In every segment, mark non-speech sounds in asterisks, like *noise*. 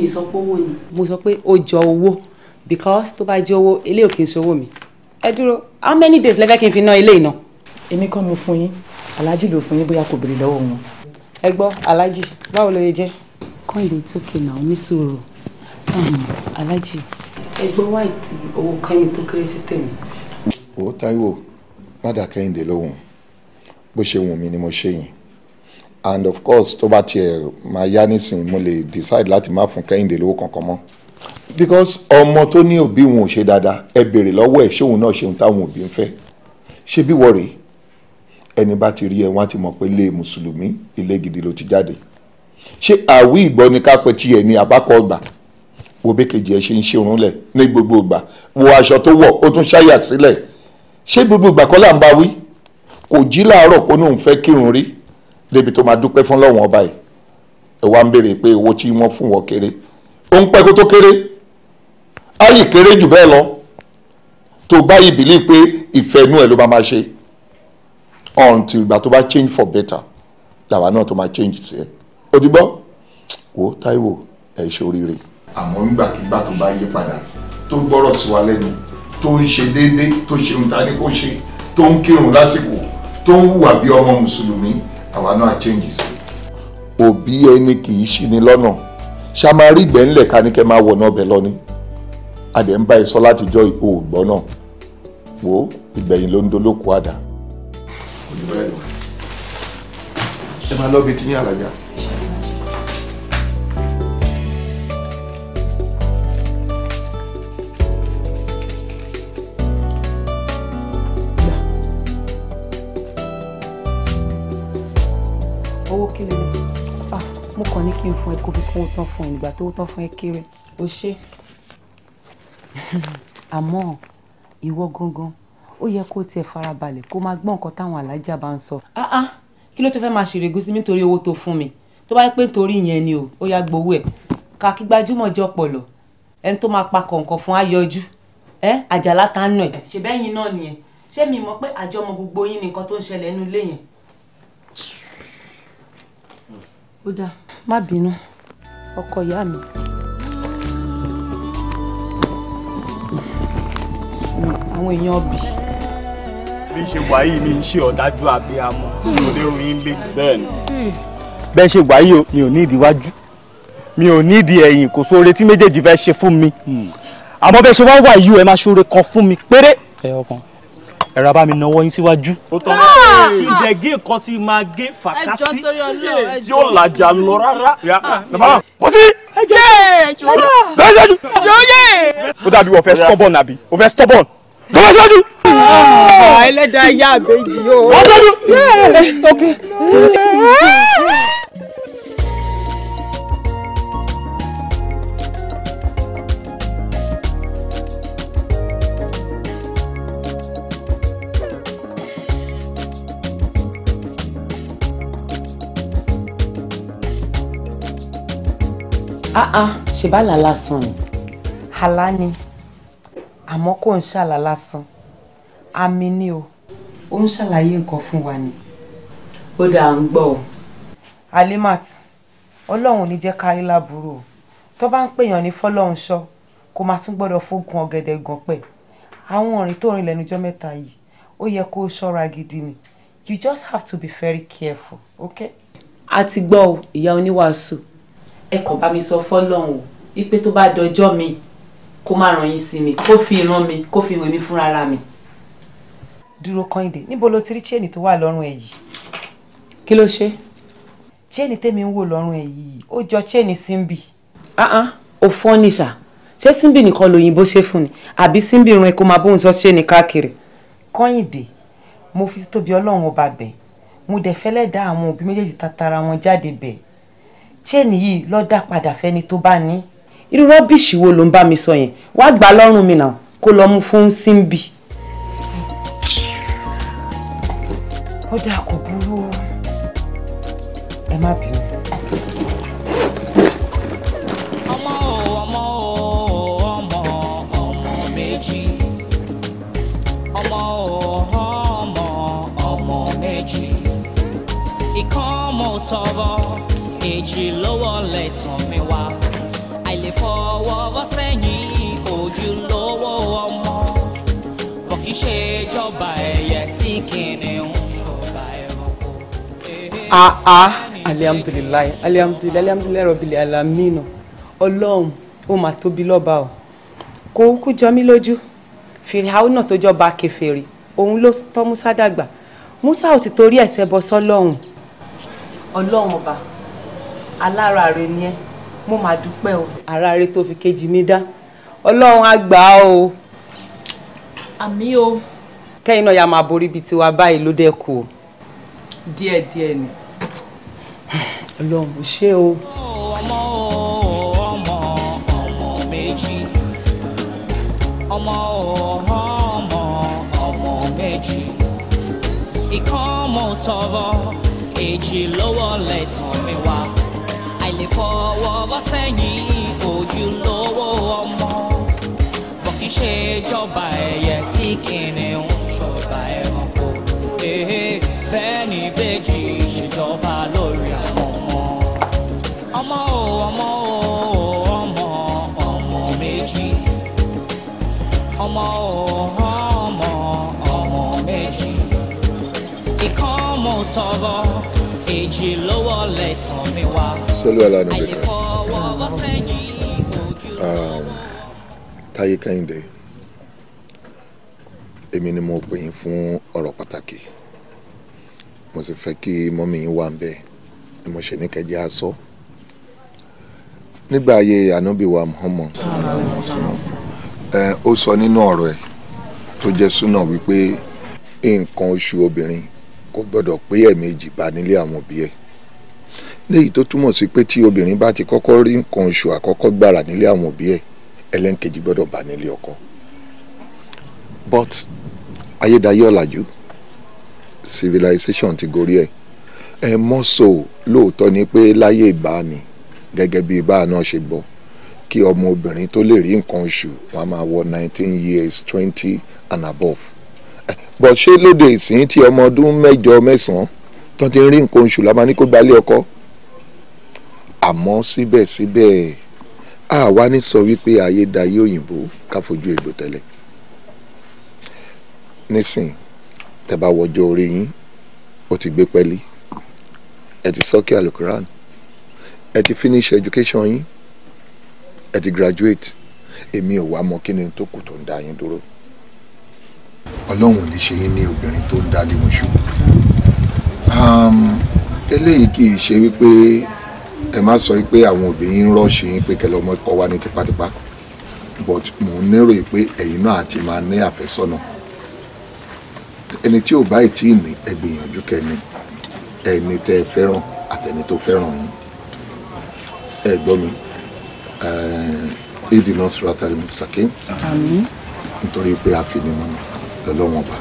mi sọ pé owó ni. mo sọ pé ó jọ owó because tó bá jẹ́ owó ilé ò kì í ṣòwò mi. ẹ dúró how many days lẹ́fẹ̀ẹ́ kí n fi ná ilé ìná. èmi kọ́ mo fún yín aláàjì ló fún yín bóyá kò béèrè lọ́wọ́ wọn. ẹ gbọ́ aláàjì báwo ló lè jẹ́. kọ́ ìlú tókè náà mi sòrò hmm, aláàjì. ẹ gbọ́ wáìtì owó kẹ́yìn tó kéré sí tèmi. òótá ìwò padà kẹ́hìndé lóhùn bó ṣe wù mí ni mo ṣe yìn and of course tó bá tiẹ̀ máa yá nísìnyí mo lè decide láti má fún kẹ́hìndé lówó kankan mọ́ because ọmọ tó ní òbí wọn ò ṣe dáadáa ẹ béèrè lọ́wọ́ ẹ̀ ṣéun náà ṣeun táwọn òbí ń fẹ́ ṣé bí wọ́ọ̀rì ẹni bá ti rí ẹ wọ́n á ti mọ̀ pé ilé mùsùlùmí ilé gidi ló ti jáde ṣé àwí ìbọn ni ká pẹ tiẹ̀ ní abákọ̀ ọgbà wo békejì ẹ ṣe ń ṣerun lẹ̀ ní gbogbo ìgbà wo aṣọ tó wọ̀ ó tún ṣáyà sílẹ̀ ṣé gbogbo ìgbà kọ́ ń bá wí kò jí láàárọ̀ kó ní òun fẹ́ kírun rí débi tó máa dúpẹ́ fún lọ́wọ́n ọba yìí ẹ wá ń béèrè pé owó tí wọ́n fún wọn kéré ó ń pẹ́ kó tó kéré á kéré jù bẹ́ẹ̀ lọ tó bá yìí believe pé ìfẹ́ inú ẹ̀ ló máa máa ṣe until ìgbà tó bá change for better làwa náà tó máa change sí ẹ ó ti gbọ́ wò ó Táíwò ẹ ṣe oríire. àmọ́ nígbàkigbà tó bá yí padà tó gbọ́rọ̀ sí wa lẹ́nu tó ń ṣe déédéé tó ṣe ń ta ní kó ṣe tó ń kírun lásìkò tó ń hùwà bí ọmọ mùsùlùmí àwa náà change sí. òbí ẹni kì í ṣì ní lọ́nà ṣá máa rí ìgbẹ́ ńlẹ̀ ká ní kẹ́ máa wọ̀nà ọbẹ̀ lọ ni adẹ̀ ń bá ẹ sọ látijọ́ òògbọ́n náà wo ìgbẹ̀yìn ló ń dolóko àdá. òyìnbó ẹ̀ lọ ẹ máa lọ́ọ́ bí ti ní àlàjá. owó kílè ni ah, mo kàn ní kí n fún ẹ kó fi kówó tán fún ẹ nígbà tó tán fún ẹ kéré o ṣe *laughs* àmọ́ ìwọ gangan ó yẹ kó tiẹ̀ farabalẹ̀ kó máa gbọ́ nǹkan táwọn alájà bá ń sọ. ah ah kí ló tó fẹ́ máa ṣèrègùn sí mi nítorí owó tó fún mi tó bá yẹ pé nítorí ìyẹn ni o ó yá gbowó ẹ̀ ká kí gbajúmọ̀ jọ pọ̀lọ̀ ẹni tó máa pa kọ̀ọ̀kan fún ayọjú àjàlá kan nù ẹ̀. ṣèbẹ́yìn náà nìyẹn ṣé mi mọ̀ pé àjọmọ̀ gbogbo yín ni tó ń ṣẹlẹ̀ nínú ilé yẹn ó dáa má bínú ọkọ ìyá mi. àwọn èèyàn bì. bí ṣe wáyé mi ń ṣe ọ̀dájú abiyamọ mo lérò yín lé. bẹ́ẹ̀ni hmm. bẹ́ẹ̀ ṣe wáyé o mi ò ní ìdíwájú mi ò ní ìdí ẹ̀yìn kò sóore tí méjèèjì fẹ́ ṣe fún mi hmm. àmọ́ bẹ́ẹ̀ ṣe wá wà yìí o ẹ máa kan fún mi péré. ẹ ọkàn ẹ̀rọ abá mi náwó yín síwájú. ó tọ́ ìdẹ̀gé ah! kan ti máa gé fàkátì eh, tí ó làjà lọ rárá. bàbá kò sí. ẹ jẹ́ eh. ẹ jọ yé. jọ yé. ó dàbí o fẹ́ stubborn àbí o fẹ́ stubborn ló bá síwájú. Ah, ẹlẹ́dàá yá àbẹ́jì o. wọ́n tọ́jú. áá ah, ah, ṣèbálà lásán ni. àlá ni àmọ́ kò ń ṣàlá lásán àmì ni o ó ń ṣàlàyé nǹkan fún wa ni. ó dáa ń gbọ́ o. Alimat ọlọ́run ò ní jẹ́ kárí láburú o tó bá ń pèèyàn ní fọlọ́run ṣọ́ kó máa tún gbọ́dọ̀ fógun ọ̀gẹ̀dẹ̀ gan pẹ̀ àwọn ọ̀rìn tó rìn lẹ́nujọ́ mẹ́ta yìí ó yẹ kó ṣọ́ra gidi ni you just have to be very careful okay. a ti gbọ́ o ìyá oníwàásù ẹ kàn bá mi sọ fọ́lọ́run o ipe tó bá dọjọ́ mi kó má ràn yín sí mi kó fi ìran mi kó fi ìwé mi fúnra mi. dúró kọ́ńdé níbo ló ti rí chain tó wà lọ́rùn ẹ̀ yìí. kí ló ṣe. chain tèmi ń wò lọ́rùn ẹ̀ yìí ó jọ chain simbi. ó fọ́ nìṣà ṣé simbi nìkan lòyìnbó ṣe fún ni àbí simbi ran ẹ máa bóun sọ chain káàkiri. kọ́ńdé mo fi tóbi ọlọ́run ọba bẹ̀ mo dẹ̀ fẹ́lẹ́ dá àwọn òbí méjèèjì tatara wọn jáde bẹ̀ chain yìí lọ dá padà fẹ́ni tó bá ní. irú rọ́bìṣì wo ló ń bá mi sọ yẹn wàá gbà lọ́rùn mi náà kó lọ mú fún símbì. ó dáa kò burú o ẹ má bínú. ọmọ ọmọ méjì ìkan èjì lọ́wọ́ lẹ̀ tàn mí wá àìlè fọwọ́ bọ́ sẹ́yìn ojúlówó ọmọ kò kì í ṣe ìjọba ẹ̀yẹ tí kìnìún ṣọba ẹranko. àá alihamudulilayi alihamudulilayi alihamudulilayi rọbìlì alamina ọlọ́run ó máa tóbi lọ́ba o kò kú jọ mí lójú fìrìhàwọ́ náà tó jọba kèfèrí òun ló tọ́ musa dàgbà musa ò ti torí ẹ̀ṣẹ̀ bọ́ sọ́lọ́run ọlọ́run ọba alára rẹ ni ẹ mo máa dúpẹ́ o ara rẹ tó fi kejì mi dá ọlọ́run á gbà á o. àmì o. kẹ́yìn náà ya máa borí ibi tiwa báyìí ló dẹ́ kù díẹ̀díẹ̀ ni. ọlọ́run ò ṣe o. ọmọ ọmọ ọmọ méjì ọmọ ọmọ ọmọ méjì ìkan ọmọ tọrọ èjì lọ́wọ́ lẹtàn mi wá fọwọ́ bọ́ sẹ́yìn ojúlówó ọmọ bọ́ kí ṣe jọba ẹyẹ tí kìnìún ṣọba ẹranko bẹ́ẹ̀ ni bẹ́ẹ̀jì ṣèjọba lórí àwọn ọmọ ọmọ o ọmọ o ọmọ ọmọ méjì ọmọ o ọmọ ọmọ méjì ìkọ́ mọ̀ sọ̀rọ̀ èjì lọ́wọ́ lẹ̀ tàn mí wá. sọlọ alanu um, èmi ni mo pè yín fún ọ̀rọ̀ pàtàkì mo sì fẹ́ kí mọ́mí yín wà ń bẹ́ẹ̀ ni mo ṣe ní kẹjẹ́ aṣọ nígbà ayé ànábì wa Muhammad ó sọ nínú ọ̀rọ̀ ẹ̀ tó jẹ́ súnà wípé nǹkan oṣù obìnrin kò gbọ́dọ̀ pé ẹ̀ẹ̀mejì bá nílé àwọn òbí ẹ̀ léyìí tó túmọ̀ sí pé tí obìnrin bá ti kọ́kọ́ rí nǹkan oṣù àkọ́kọ́ gbàrà nílé àwọn òbí ẹ̀ ẹlẹ́nkejì gbọ́dọ̀ bá nílé ọkọ but ayédáyé ọ̀làjú civilization ti gorí ẹ̀ ẹ mọ́ so lóòótọ́ ni pé láyé ìbáni gẹ́gẹ́ bí ìbá náà ṣe gbọ́ kí ọmọ obìnrin tó lè rí nǹkan oṣù wọn máa wọ nineteen years twenty and above bọ̀ ṣé lóde ìsìn tí ọmọ ọdún mẹ́jọ mẹ́sàn-án tó ti rí nǹkan oṣù la máa ní kó gbalé ọkọ àmọ́ síbẹ̀síbẹ̀ àwa ní sọ wípé ayédayé òyìnbó ká fojú egbò tẹ́lẹ̀ nísìn tẹ́ bá wọjọ́ orí yín ó ti gbé pẹ́lí ẹ ti sọ́kì alukuran ẹ ti finish education yín ẹ ti graduate èmi ò wá mọ kí ni tó kù tó ń dá yín dúró ọlọ́run ò ní ṣe yín ní obìnrin tó ń dálé wọn ṣù um, eléyìí kì í ṣe wípé ẹ má sọ wípé àwọn òbí yín ń rọ́ọ̀ṣì yín pé kẹlẹ́ ọmọ ẹ̀kọ́ wa ní tipátipá but mò ń lérò pé ẹ̀yin náà àti máa ní àfẹ́sọ́nà ẹni tí ò báyìí tí ì ní ẹ gbìyànjú kẹni ẹni tẹ ẹ fẹ́ràn àtẹni tó fẹ́ràn ọ̀hún ẹ gbọ́ mi ìdìnnà sọ̀rọ̀ àtàlẹ́ mr kim nítorí pé a fi ní mọ́nà pẹ̀lú ọmọ ọba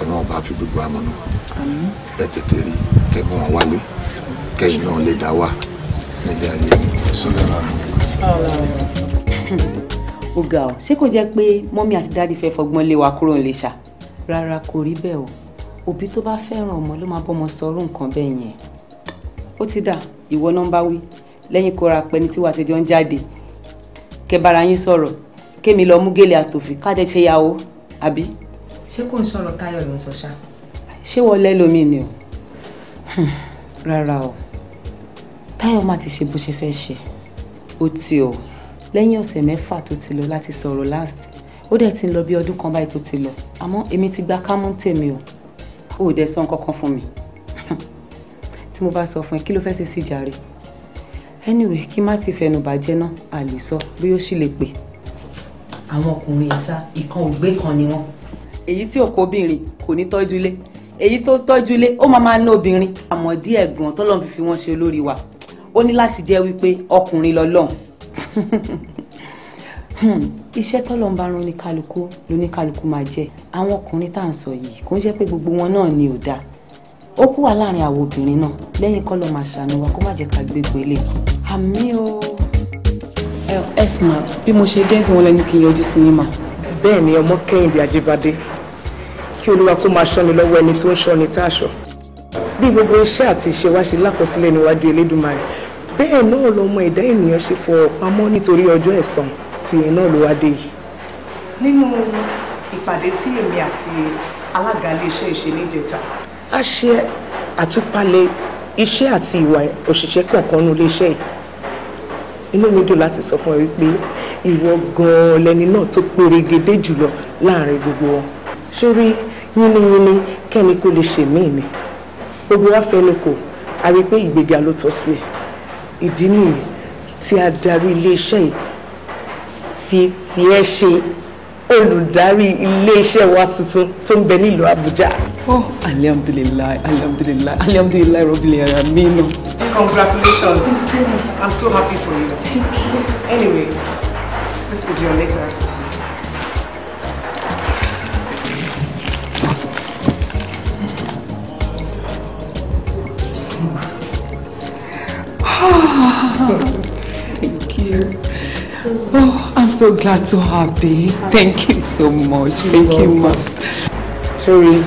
ọ̀nà ọba fi gbogbo amọ̀nà ẹ tètè rí kẹ mú wọn wálé kẹyìn náà lè dá wà nílé ayé sọlẹ́ lánàá. ó ga ọ ṣé kò jẹ́ pé mọ́mí àti dáàdi fẹ́ fọgbọ́n lé wa kúrò nílé ṣá rárá kò rí bẹ́ẹ̀ o òbí tó bá fẹ́ràn ọmọ ló máa bọ́mọ sọrú nǹkan bẹ́ẹ̀ yẹn ó ti dà ìwọ náà wí lẹ́yìn kóra pẹ́ni tí wàá ti ń jáde kẹ bára yín sọ̀rọ̀ kémi lọ mú gèlè àtòfì kájẹ́ ṣe yàwó àbí ṣé kò ń sọ̀rọ̀ táyọ̀ ló ń sọ ṣá. ṣé wọlé lomi ni o hmm, rárá o táyọ̀ má ti ṣe bó ṣe fẹ́ ṣe ó ti o lẹ́yìn ọ̀sẹ̀ mẹ́fà tó ti lọ láti sọ̀rọ̀ last ó dẹ̀ ti ń lọ bí ọdún kan báyìí tó ti lọ àmọ́ èmi ti gba kámú tèmi o ò dẹ̀ sọ nǹkan kan fún mi *laughs* tí mo bá sọ fún ẹ kí ló fẹ́ ṣe sí jàre anyway kí má ti fẹnu bàjẹ́ náà a lè sọ bí ó sì lè pè. àwọn ọkùnrin ìsá ìkan ò gbé kan ni wọ́n èyí tí ò kó obìnrin kò ní tọ́jú ilé èyí tó tọ́jú ilé ó máa máa ń ná obìnrin àmọ́ díẹ̀ gan tọ́lọ́n fi fi wọ́n ṣe olórí wa ó ní láti jẹ́ wípé ọkùnrin lọ́lọ́run hmm, iṣẹ́ tọ́lọ́n bá rán ní kálukú ló ní kálukú máa jẹ́ àwọn ọkùnrin tá à ń sọ yìí kò ń jẹ́ pé gbogbo wọn náà ni ò dáa ó kú wà láàrin àwọn obìnrin náà lẹ́yìn kọ́ lọ́ọ́ máa ṣàánú wa kó má jẹ́ ká gbégbó ilé àmì o. ẹ ẹ sì mà bí mo ṣe dé wọn lẹ́nu kì í yọjú sí bẹ́ẹ̀ ni ọmọ kẹ́hìndé ajíbádé kí olúwa kó máa ṣọ́ni lọ́wọ́ ẹni tó ń ṣọ́ni táṣọ bí gbogbo iṣẹ́ àti ìṣe wa ṣe lákọsílẹ̀ níwájú elédùmarè bẹ́ẹ̀ náà lọmọ ẹ̀dá ènìyàn ṣe fọ pamọ́ nítorí ọjọ́ ẹ̀san tìyẹn náà ló wá dé yìí. nínú ìpàdé tí èmi àti alága iléeṣẹ́ ìṣe níjẹta. a ṣe àtúpalẹ̀ iṣẹ́ àti ìwà òṣìṣẹ́ kọ̀ọ̀kan nílé iṣẹ́ yìí inú mi dùn láti sọ fún ẹ wípé ìwọ gan-an lẹni náà tó pérégedé jùlọ láàrin gbogbo wọn sórí yínníyínní kẹ́ni kó lè ṣe míì ni gbogbo wa fẹnu kò a rí i pé ìgbéga ló tọ́ sí ẹ ìdí nìyí tí adarí iléeṣẹ́ yìí fi fi ẹ́ ṣe olùdarí iléeṣẹ́ wa tuntun tó ń bẹ nílùú Àbújá. oh alhamdulilayi alhamdulilayi alhamdulilayi robili ara mi nù. congratulations i'm so happy for you. Thank you anyway This is your letter. Thank you. Oh, I'm so glad to have thee. Thank you so much. Thank you, ma. Sorry,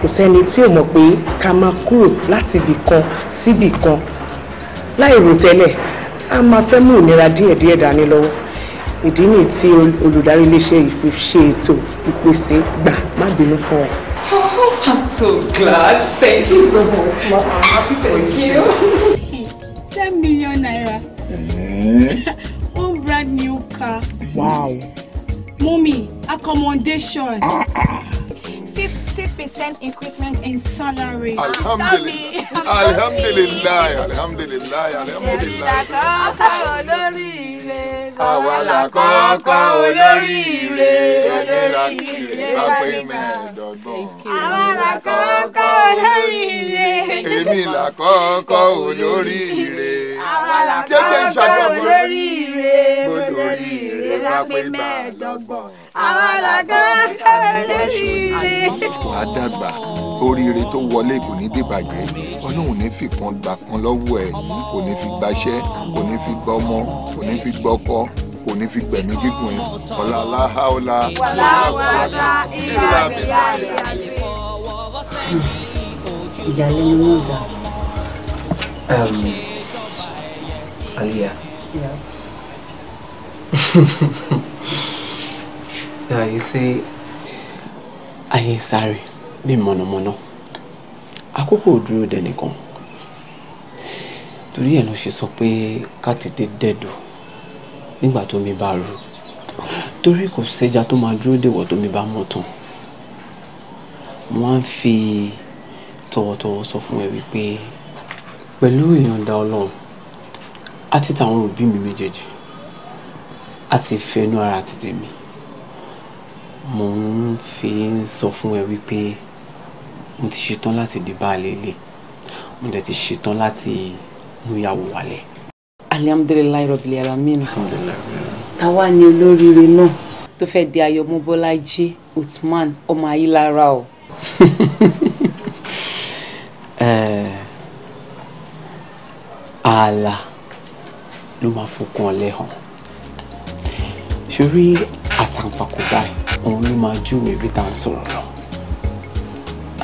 kò sẹ́ni tí ò mọ̀ pé ká máa kúrò láti ibì kan síbì kan láì rò tẹ́lẹ̀ a máa fẹ́ mú ìnira díẹ̀díẹ̀ dání lọ́wọ́ ìdí nìyí tí olùdarí iléeṣẹ́ yìí fi ṣe ètò ìpèsè gbà má bínú fún ẹ. Oh, *laughs* I'm so glad. Thank you so much. I'm happy for you. *laughs* Ten million naira. Eh? One brand new car. Wow. Mummy, accommodation. Ah, ah. Fifty percent increment in salary. Alhamdulillah. Alhamdulillah. Alhamdulillah. Alhamdulillah. Alhamdulillah àwa làkọ́kọ́ olóríire gẹ́gẹ́ lákìlẹ̀ bá pé mẹ́ẹ̀ẹ́dọ́gbọ̀n. àwa làkọ́kọ́ olóríire. èmi làkọ́kọ́ olóríire. àwa làkọ́kọ́ olóríire. olóríire bá pé mẹ́ẹ̀ẹ́dọ́gbọ̀n àwọn àlàkà ẹlẹ́rìíre. àdàgbà oríire tó wọlé kò ní dìbàjẹ́ ọlọ́run ní fìkan gbà kan lọ́wọ́ ẹ̀ kò ní fi gbaṣẹ́ kò ní fi gbọ́mọ kò ní fi gbọ́kọ́ kò ní fi gbẹ̀mí gígùn ẹ̀ ọ̀la aláhàọ́lá. wàlá wàtá ìlà bíyà ìyàlẹ́ ni wọ́n gbà. Aliyah. *laughs* Yeah. Yeah, you see. Ayé sáré bí mọ̀nàmọ́ná. Àkókò dúró dẹnìkan. Torí ẹ̀ ló ṣe sọ pé ká tètè dẹ̀dọ̀ nígbà tó mi bá rú. Torí kò sẹ́ja tó máa dúró dèwọ̀ tó mi bá mọ̀ tán. Mo máa ń fi tọwọ́tọwọ́ sọ fún ẹ wípé pẹ̀lú ìyọ̀ǹda Ọlọ́run àti tàwọn òbí mi méjèèjì àti ìfẹ́ inú ara àti tèmi mo ń fi sọ fún ẹ wípé mo ti ṣetán láti di baálé ilé mo dẹ̀ ti ṣetán láti mú ìyàwó wálé. alihamudulilayi rọbìlì alamin táwa ni olóríire náà tó fẹ́ di ayọ̀mọ́bọ́lájí Uthman ọmọ ayélujára o. *laughs* ààlà ló máa fọkàn ọ̀lẹ hàn ṣorí àtàǹpàkò báyìí òun ló máa júwèé bí tá à ń sọ̀rọ̀ lọ.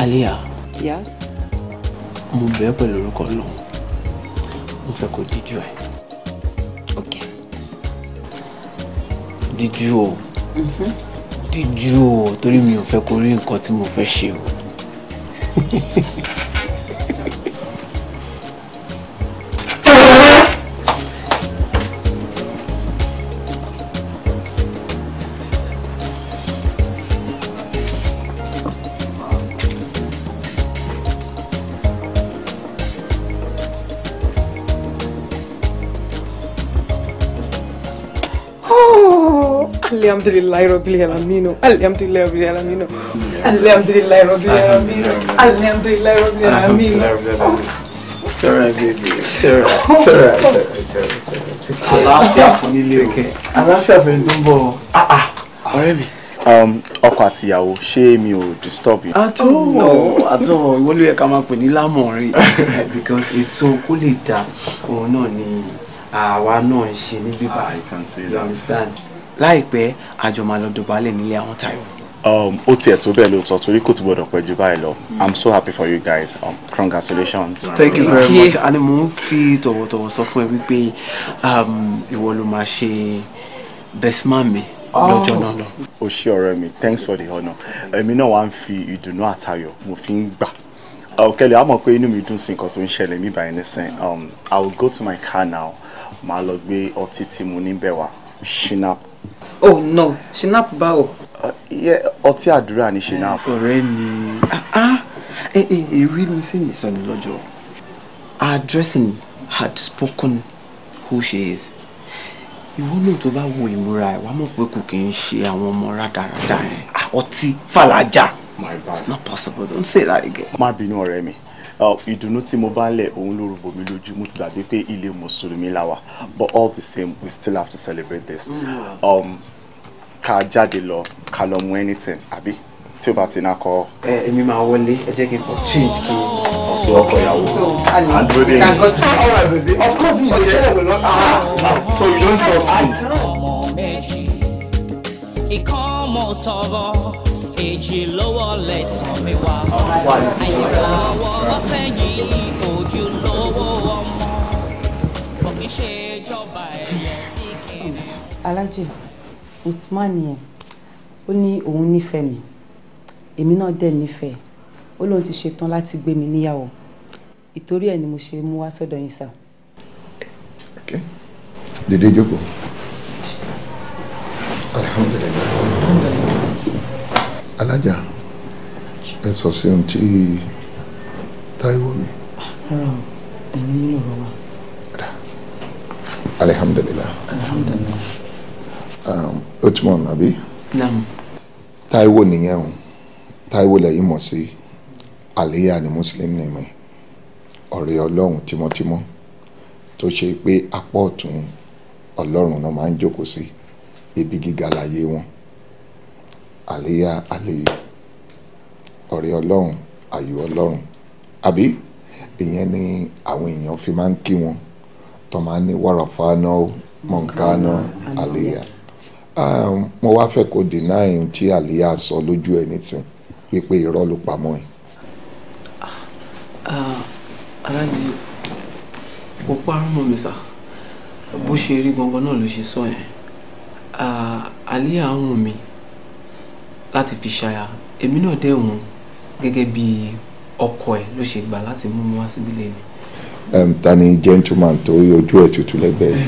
Aliya. Ìyá. Mo bẹ̀ẹ́ pẹ̀lú orúkọ lòun. Mo fẹ́ kó díjú ẹ̀. Ok. Díjú o. Mm-hmm. Díjú o torí mi ò fẹ́ kó rí nǹkan tí mo fẹ́ ṣe o. *laughs* alhamdulillahi rabbil alamin alhamdulillahi rabbil alamin alhamdulillahi rabbil alamin alhamdulillahi rabbil alamin. it's um, alright baby it's alright it's alright it's alright. aláfíà fún nílé òkè aláfíà fún ẹni tó ń bọ̀ ọ̀rẹ́ mi ọkọ àti ìyàwó ṣé mi ò disturb you. àtọwọ àtọwọ ìwọ ló yẹ ká máa pè ní lámọrin because ètò kó lè dá òun náà ni àwa náà ń ṣe níbí báyìí you understand láìpẹ́ àjọ máa nílé àwọn Táíwò. Um, ó tiẹ̀ tó bẹ́ẹ̀ lóòótọ́ torí kò tí gbọ́dọ̀ pẹ́ jù báyìí lọ hmm. i'm so happy for you guys um, congratulations. thank you very much and mo ń fi tọ̀wọ̀tọ̀wọ̀ sọ fún ẹ wípé um, ìwọ ló máa ṣe best man mi lọ́jọ́ náà lọ. Oh. o ṣé ọ̀rẹ́ mi thanks for the honour èmi náà wàá fi ìdùnnú àtayọ̀ mo fi ń gbà ọ̀kẹ́lẹ̀ àmọ̀ pé inú mi dùn sí nǹkan tó ń ṣẹlẹ̀ mí báyìí nísìn um, i will go to my car now màá lọ gbé ọtí tí mo níbẹ̀ wá shinap oh no shinap báwo. iye ọtí àdúrà ni shinap. ah, mi ah. èrí mi sì mi sọnù lọ́jọ́ our dressing had spoken who she is You won't ìwọ náà tó bá wo ìmúra ẹ wàá mọ̀ pé kò kì í ṣe àwọn ọmọ rádaràda ah, Falaja. My bad. it's not possible don't say that again. má bínú ọ̀rẹ́ ìdùnnú tí mo bá ń lẹ̀ òun ló rúbọ mi lójú mo ti gbàgbé pé ilé mùsùlùmí la wà but all the same we still have to celebrate this mm. um, ká jáde lọ ká lọ mú anything àbí tí o bá ti ná kọ. ẹ èmi máa wọlé ẹ jẹ́ kí n kọ change kí ọ̀sùn ọkọ̀ ìyàwó andrew dey. of course mi dey share with us. so you don't trust me. ọmọ méjì ìkọ́ mọ̀ sọ̀rọ̀ èjì lọ́wọ́ lẹ́tàn mi wá. àyẹ̀wò ọwọ́ wọ́n ní òun nífẹ̀ẹ́ mi èmi náà dẹ̀ nífẹ̀ẹ́ ó lóun ti ṣetán láti gbé mi níyàwó ìtorí ẹ̀ ni mo ṣe mú wá sọ́dọ̀ yín sá. dèdè jókòó alhamdulilayi alájà ẹ sọ sí ohun tí táíwò mi. rárá o ẹ̀yin nílò o tún mọ̀ nàbí. naam. táíwò nìyẹn o táíwò lẹ́yìn mọ̀ sí àléyà ni mùsùlùmí ni mi ọ̀rẹ́ ọlọ́run tímọ́tímọ́ tó ṣe pé apá ọ̀tún ọlọ́run náà máa ń jókòó sí ibi gíga láyé wọn àléyá àléyò ọ̀rẹ́ ọlọ́run àyò ọlọ́run àbí ìyẹn ni àwọn èèyàn fi máa ń kí wọn tó máa ní wàràfà náà mọ̀nká náà àléyá mo wá fẹ́ kó deny tí àléyá sọ lójú ẹ̀ nìsín pípé irọ́ ló pamọ́ ẹ̀. Ah, ah, aláàjì kò parọ́ mọ́ mi sá bó ṣe rí gangan náà ló ṣe sọ yẹn ah, àléyá ń wù mí láti fi ṣaya èmi náà dẹ̀ wọ́n gẹ́gẹ́ bí ọkọ ẹ̀ ló ṣe gbà láti mú mi wá síbí lẹ́nu. ta ni gentleman torí ojú ẹ̀ tutù lẹ́gbẹ̀ẹ́.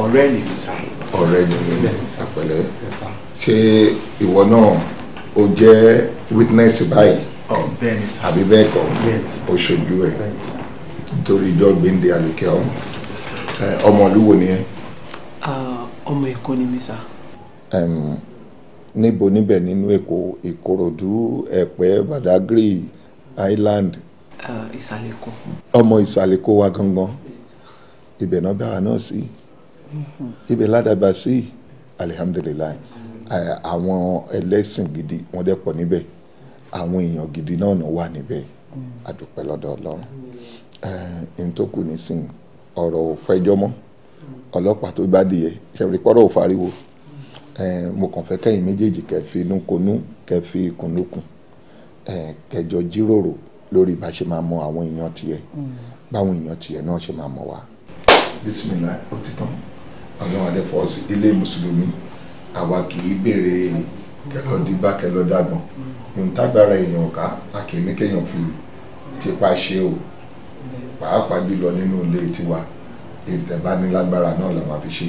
ọ̀rẹ́ ni mi sá. ọ̀rẹ́ ni mi sá pẹ̀lẹ́ ṣé ìwọ náà o jẹ́ witness báyìí àbí bẹ́ẹ̀ kọ́ o ṣojú ẹ̀ torí ìjọ gbéǹde àlùkẹ́ ọmọ ọmọ ni ẹ. ọmọ èkó ni mi sá níbo níbẹ̀ nínú èkó ìkòròdú ẹ̀pẹ́ badagry island. ìsàlẹ̀ èkó. ọmọ ìsàlẹ̀ èkó wa gangan ibẹ̀ náà bá wa náà sí ibẹ̀ ládàgbà sí alihamudulilayi àwọn ẹlẹ́sìn gidi wọ́n dẹ̀ pọ̀ níbẹ̀ àwọn èèyàn gidi náà náà wà níbẹ̀ àdúpẹ́ lọ́dọ̀ ọlọ́run ẹ̀ẹ́n ọ̀rọ̀ ò ọlọ́pàá tó bá dìyẹ ṣẹ̀rí pọ́rọ̀ ò mo kàn fẹ́ kẹ́yìn méjèèjì kẹ́ fi inú konú kẹ́ fi ìkùnnùkùn kẹjọ jíròrò lórí bá ṣe máa mọ àwọn èèyàn tiẹ̀ mm. báwọn èèyàn tiẹ̀ náà ṣe máa mọ̀ wá. bisimilayi ó ti tán ọlọ́run adẹ́fọ́ sí ilé mùsùlùmí àwa kì í béèrè kẹlọ́dígbà kẹlọ́dàgbọ̀n ìǹtagbára mm. èèyàn ká a kì í ní kéèyàn fi tipa ṣe o mm. pàápàá jùlọ nínú ilé tiwa ìtẹ̀bánilágbára náà la máa fi ṣe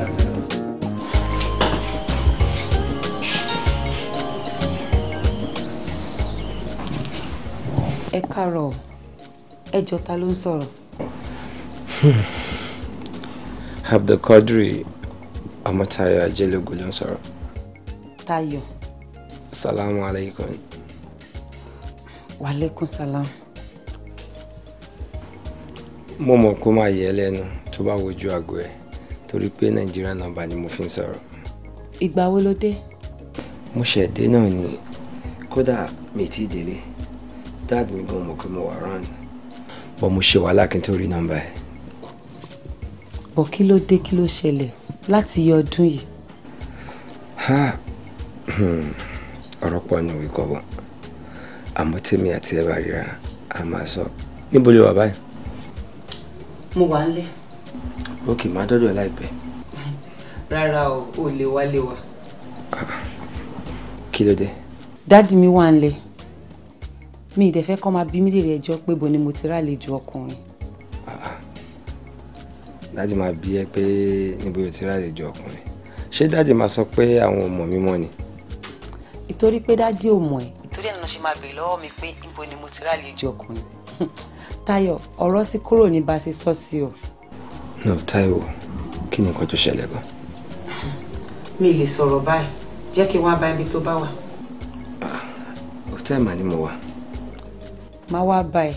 ẹ kárọ̀ ẹ jọ ló ń sọ̀rọ̀. Hmm. abdulkadri amatayo ajẹlẹgùn ló ń sọ̀rọ̀. tayo. salamu alaykum. wa aleykum salam. mo mọ̀ kó máa yẹ lẹ́nu tó bá wojú àgọ́ ẹ̀ torí pé nàìjíríà ni mo fi ń sọ̀rọ̀. ìgbà wo ló dé. mo ṣẹ̀ dé náà ni kódà mi ti délé. dad mi gan mọ̀ pé mo wà round bọ́ mo ṣe wàhálà kí n tó rí nọ́mbà ẹ̀. bọ̀ kí ló dé kí ló ṣẹlẹ̀ láti yọ ọdún yìí. Hmm. ọ̀rọ̀ pọ̀ ní òwe kọ́ bọ̀ àmọ́ tèmi àti ẹ̀ bá ríra a máa sọ níbo lè wà báyìí. mo wà ń lé. ok máa dọ́dọ̀ ẹ láìpẹ́. o ò lè wá lé wa. kí ló dé. dáàdi mi wà ń mi ì dẹ̀ fẹ́ kọ́ máa bí mi léèrè ẹjọ́ pé bo ni mo ti rálejò ọkùnrin. Ah, dájú máa bí ẹ pé níbo ló ti rálejò ọkùnrin ṣé dájú máa sọ pé àwọn ọmọ mi mọ̀ ni. ìtorí pé dájú ò mọ̀ ẹ́ ìtorí ẹ̀ náà ṣe máa béèrè lọ́wọ́ mi pé níbo ni mo ti rálejò ọkùnrin. *laughs* Táyọ̀ ọ̀rọ̀ ti kúrò ní bá a ṣe sọ sí o. no tayo kí ni nǹkan tó ṣẹlẹ̀ gan. mi ì lè sọ̀rọ̀ báyìí jẹ́ kí n wá bá ibi tó bá wà. ó ẹ̀ mà ni mo wà máa wá bá ẹ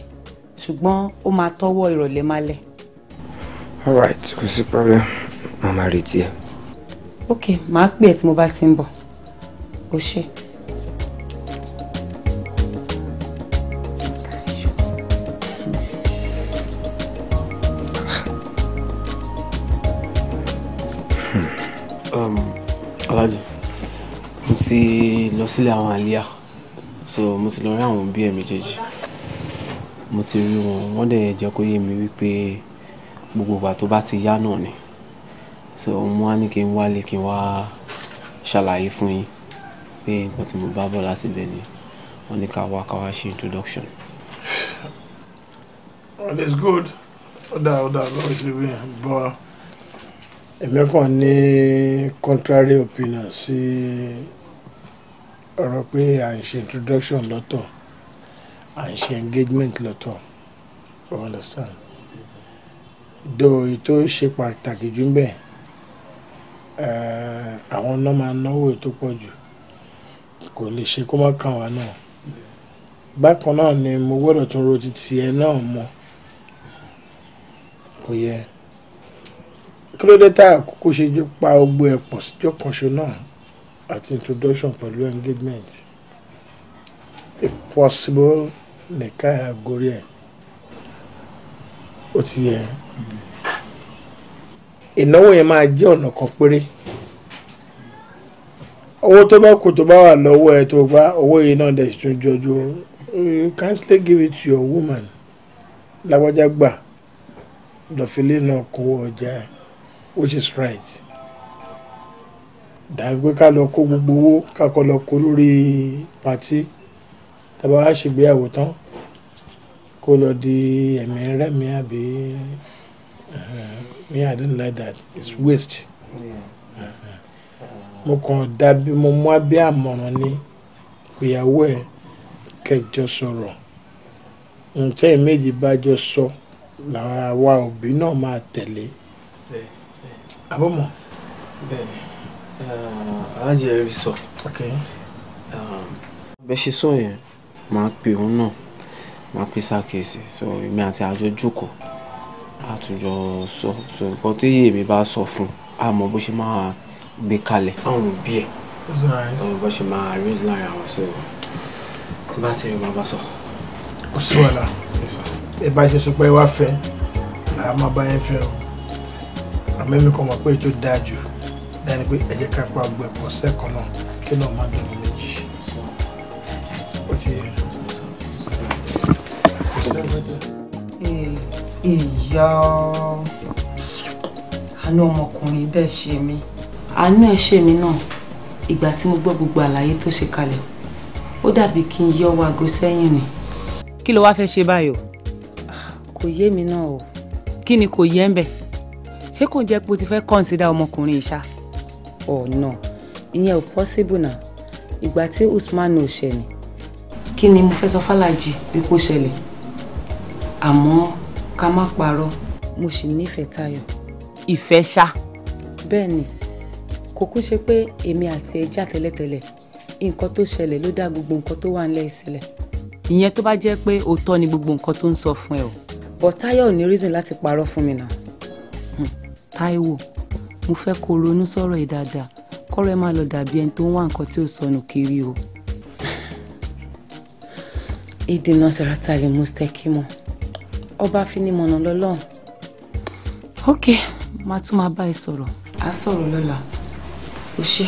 ṣùgbọ́n ó máa tọ́wọ́ ìrọ̀lẹ́ málẹ̀. all right kò sí problem màá máa retí ẹ. ok màá pè ẹ́ tí mo bá ti ń bọ̀ ó ṣe. alájì mo ti lọ sílé àwọn àlíyá so mo ti lọ rí àwọn òbí ẹ méjèèjì mo ti rí wọn wọ́n dẹ̀ jẹ́ kó yé mi wípé gbogbo ìgbà tó bá ti yá náà ni so mo wá ní kí n wálé kí n wá ṣàlàyé fún yín pé nǹkan tí mo bá bọ̀ láti bẹ̀ ni wọ́n ní ká wá ká wá ṣe introduction. well it's good ó dáa ó dáa lọ́wọ́ ṣe wí bọ́ èmi kàn ní contrary opinion sí ọ̀rọ̀ pé à ń ṣe introduction lọ́tọ̀. And ah, ṣe engagement lọ́tọ̀ you understand do ètò ṣe pàtàkì jù bẹ́ẹ̀ eh, àwọn náà máa náwó ètò pọ̀ jù kò lè ṣe kó má kàn wá náà bákan náà ni mo gbọ́dọ̀ tún ro títí ẹ náà mọ́ kò yẹ kí ló dé tá àkókò ṣe pa gbogbo ẹ̀ pọ̀ síjọ́ kan ṣo náà àti introduction pẹ̀lú engagement if possible nìka àgórí ẹ̀ ó ti yẹ ìnáwó yẹn máa jẹ́ ọ̀nà kan péré owó tó bá kù tó bá wà lọ́wọ́ ẹ̀ tó bá owó yìí náà dẹ̀ tún jọjú mm, council give it to your woman lágbájá gbà lọ́fílẹ̀ náà kún ọjà which is right dàgbé ká lọ kó gbogbo owó ká lọ kó lórí pàtí tàbá wá ṣègbéyàwó tán kó lọ di ẹ̀mí rẹ́mi àbí eh, me I don't like that it's waste mo kàn dàbí mo mú abẹ́ àmọ̀ràn ni ìyàwó ẹ̀ kẹjọ sọ̀rọ̀ nǹkan ẹ̀ méjì bá jọ sọ làwọn àwa òbí náà máa tẹ̀lé abọ́mọ. bẹ́ẹ̀ni eh, alájẹ rí sọ eh, bẹ́ẹ̀ ṣe sọ yẹn máa pè òun náà máa pè ṣàkíyèsí so èmi àti àjọ jókòó àtúnjọ sọ so nǹkan tí èmi bá sọ fún a mọ bó ṣe máa gbé kalẹ̀ fáwọn òbí ẹ̀ àwọn bó ṣe máa arrange láàrin àwọn sí wọn tí bá ti rí máa bá sọ. kò sí wàhálà ẹ bá ṣe sọ pé wá fẹ́ àá máa bá yẹn fẹ́ o àmọ́ èmi kan mọ̀ pé ètò dáa jù dání pé ẹ ká pa àgbẹ̀pọ̀ sẹ́kọ̀ọ́ náà kí náà má dùn mí méjì lọ́wọ́dẹ. ìyá àánú ọmọkùnrin dẹ̀ ṣe mí. àánú ẹ̀ ṣe mí náà ìgbà tí mo gbọ́ gbogbo àlàyé tó ṣe kalẹ̀ ó dàbí kí n yọ wago sẹ́yìn ni. kí ló wáá fẹ́ ṣe báyọ̀. kò yé mi náà o. kí ni kò yé ń bẹ̀ ṣé kò ń jẹ́ pé o ti fẹ́ kọ́ńsídà ọmọkùnrin ìṣá. ọ̀nà ìyẹn ò pọ́síbù náà ìgbà tí usman ò ṣẹ̀ ni. kí ni mo fẹ́ sọ fàlàjì pé kó ṣẹlẹ̀ àmọ́ ká má parọ́ mo sì nífẹ̀ẹ́ Táyọ̀. ìfẹ́ ṣá. bẹ́ẹ̀ ni kò kú ṣe pé èmi àti ẹ jà tẹ́lẹ̀tẹ́lẹ̀ nǹkan tó ṣẹlẹ̀ ló dá gbogbo nǹkan tó wà ńlẹ̀ sílẹ̀. ìyẹn tó bá jẹ́ pé òótọ́ ni gbogbo nǹkan tó ń sọ fún ẹ o. but Táyọ̀ ní reason láti parọ́ fún mi náà. Hmm. Táíwò mo fẹ́ kó ronú sọ̀rọ̀ yìí dáadáa kọ́rọ̀ ẹ má lọ dàbí ẹni tó ń wá nǹkan tí ò sọnù kiri o. ìdènà sàràtà lè mú sẹ́kí ọba finimọ̀nà lọ́lọ́run. ok màá tún máa bá ẹ sọ̀rọ̀. a sọ̀rọ̀ lọ́la o ṣe.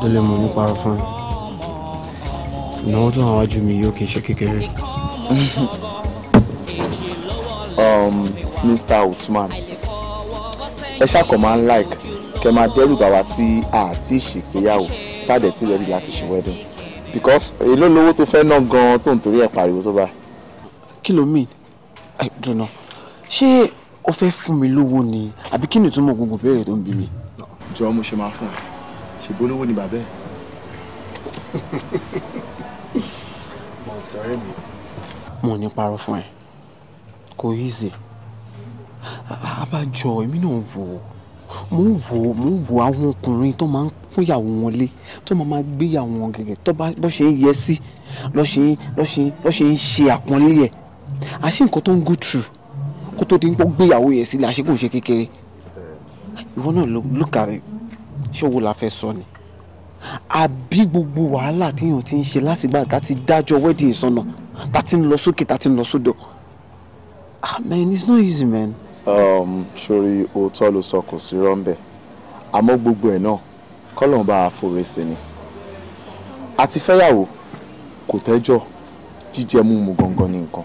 délé mo ní parọ́ fún mi ìnáwó tó hàn wájú mi yóò kì í ṣe kékeré. Mr. Um, Usman ẹ ṣàkọ máa ń like kẹ máa dẹ́rù bàwá tí a ti ṣègbéyàwó tàdé tí rẹ́dí láti ṣe wedding because èló lówó tó fẹ́ ná gan-an tó ń torí ẹ̀ pariwo tó bá. kí ló mean i don't know ṣé o fẹ́ fún mi lówó ni àbí kí ni ìtumọ̀ gbogbo béèrè tó ń bí mi. jọ mo ṣe máa fún ẹ ṣe bólówó ni bàbá ẹ. mo ní parọ́ fún ẹ kò easy abájọ èmi náà wò ó mo ń wò ó mo ń wò àwọn ọkùnrin tó máa ń kúnyàwó wọn lé tó máa máa gbéyàwó wọn gẹ́gẹ́ tó bá bó ṣe ń yẹ sí lọ́ ṣe lọ́ ṣe lọ́ ṣe ń ṣe àpọ́nlé yẹ àṣé nǹkan tó ń go through kó tó di ń gbọ́ gbéyàwó yẹ sílẹ̀ àṣé kò ń ṣe kékeré ìwọ náà look at it ṣé owó la fẹ́ sọ ni àbí gbogbo wàhálà téèyàn ti ń ṣe látìgbà láti dájọ́ wedding sọ́nà tá ti ń lọ sókè tá ti ń lọ sódò ah man it's not easy man. Um, sórí òótọ́ ló sọ kò sí rọ́ńbẹ́ àmọ́ gbogbo ẹ̀ náà kọ́lọ́n bá a fòrè sí ni àti fẹ́yàwó kò tẹ́jọ́ jíjẹ múmu gangan ní nǹkan.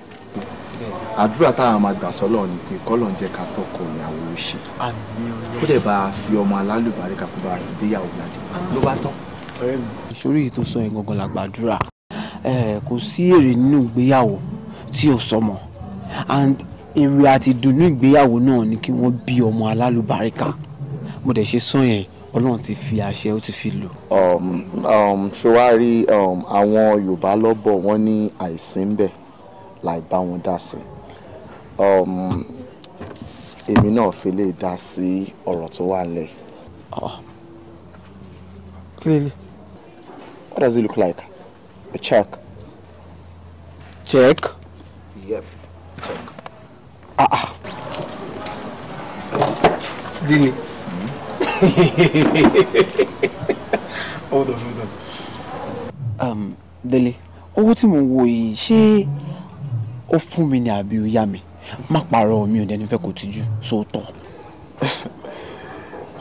àdúrà táwọn máa gbà sọ́lọ̀ ni pé kọ́lọ́n jẹ́ ká tọkọ ìyàwó ṣe kó dẹ̀ bá a fi ọmọ alálùbáríkà kó bá a fi déyàwó ládé ló bá tán. ìṣòro yìí tó sọ yẹn gangan la gbàdúrà kò sí èrè nínú ìgbéyàwó tí ò sọmọ and èrè àti ìdùnnú ìgbéyàwó náà ni kí wọ́n bí ọmọ alálùbáríkà mo dẹ̀ ṣe sọ yẹn ọlọ́run ti fi àṣẹ ó ti fi lò. Um, um, ṣé wàá rí um, àwọn yorùbá lọ́bọ̀ wọ́n ní àìsí ń bẹ láì bá wọn dá sí èmi náà fi lè dá sí ọ̀rọ̀ tó wà lẹ̀. Ah. What does it look like? A check. Check? Yep, check. Dini. hold on hold on. Um, Délé owó tí mo wo yìí ṣé ó fún mi ní àbí ó yá mi má parọ́ mi ò dẹni fẹ́ kó tijú sóòótọ́.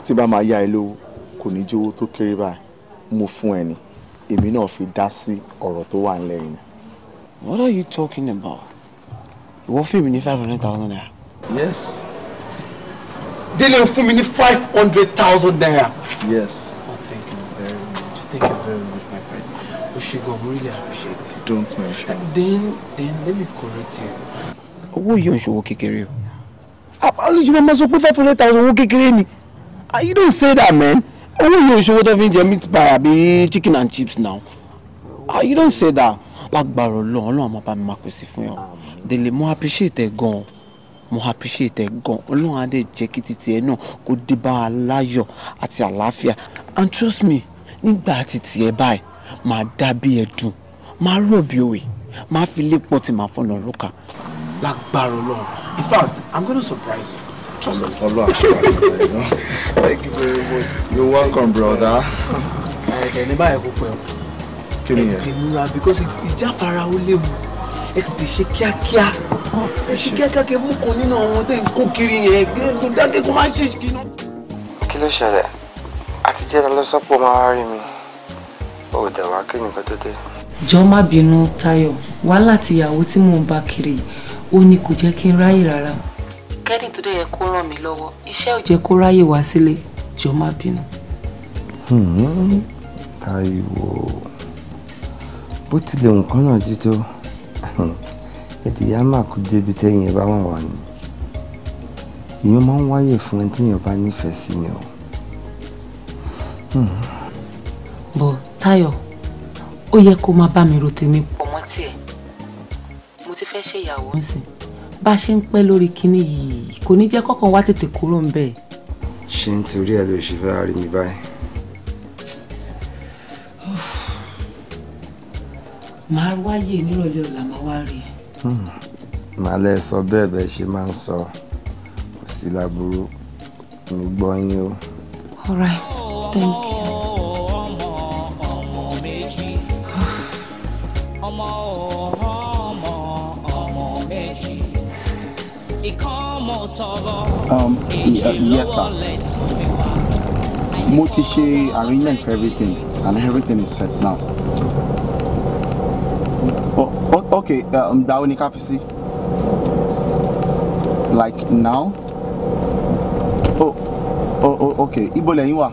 tí bá máa yá ẹ lówó kò ní jówó tó kéré báyìí mo fún ẹ ní èmi fi dá sí ọ̀rọ̀ tó wà nílẹ̀ yìí. What are you talking about? ìwọ fún mi ní five hundred thousand naira. yes. délé fún mi ní five hundred thousand naira. yes. oh thank you very much thank you very much my friend oṣugbọn mo really appreciate it. don't mention. then then let me correct you. owó yìí ò ń ṣòwò kékeré o. olùsùnmọ̀ ah, ah, máa sọ pé five hundred thousand owó kékeré ni ah, you don't say that man owó yìí ò ń ṣòwò tó fi ń jẹ meat pie àbí chicken and chips now you don't say that lágbára Ọlọ́run Ọlọ́run máa bá mi máa pèsè fún yàn. Délé mo appreciate ẹ gan mo appreciate ẹ gan Ọlọ́run á jẹ́ kí titi ẹ náà kó dé bá a láyọ̀ àti àlàáfíà and trust me nígbà titi ẹ báyìí máa dábí ẹ dùn máa rọ̀ òwe máa fi lépọ̀ tí màá fọ̀nà lóka lágbára Ọlọ́run in fact i'm gonna surprise you. Thank you very much. You're welcome, brother. because ìjáfara ó ẹ tètè ṣe kíákíá ẹ ṣe kíákíá kí ẹ mú kan nínú àwọn tó ń kó kiri yẹn gbẹgbẹ dákẹ́kọ̀ọ́ máa ń ṣe ìṣìkìnà. kí ló ṣẹlẹ̀ àti jẹ́ta lọ́sọ́pọ̀ máa rí mi ò dẹ̀ wá kí nìkan tó dé. jọ má bínú Táyọ̀ wàhálà tìyàwó tí mò ń bá kiri ó ní kò jẹ́ kí n ráyè rárá. kẹ́ni tó dẹ̀ yẹ kó ràn mí lọ́wọ́ iṣẹ́ ò jẹ́ kó ráyè wá sílé jọ má bínú. Hmm, Táíwò bó tilẹ̀ nǹkan náà jí ẹtì yá má kú débi tẹ́yìn ẹ bá wà wà ní ìyẹn máa ń wáyè fún ẹni téèyàn bá nífẹ̀ẹ́ sí ni o. bọ Táyọ̀ ó yẹ kó máa bá mi ro tèmi pọ̀ mọ́ tiẹ̀ mo ti fẹ́ ṣe ìyàwó ńsìn bá a ṣe ń pẹ́ lórí kinní yìí kò ní jẹ́ kọ́kàn wá tètè kúrò ń bẹ̀. ṣé nítorí ẹ e ló ṣe fẹ́ rí mi báyìí. màá wáyè nírọ̀lẹ́ ọ̀la màá wá rí ẹ. Hmm. màá lẹ sọ bẹ́ẹ̀ bẹ́ẹ̀ ṣe máa ń sọ kò sí láburú mi gbọ́ yín o. all thank you. Um, yes, sir. Mo ti ṣe arrangement for everything and everything is set now. Okay, uh, um, wo ni ká fi like now oh oh, oh okay. Ibole lẹ́yìn wà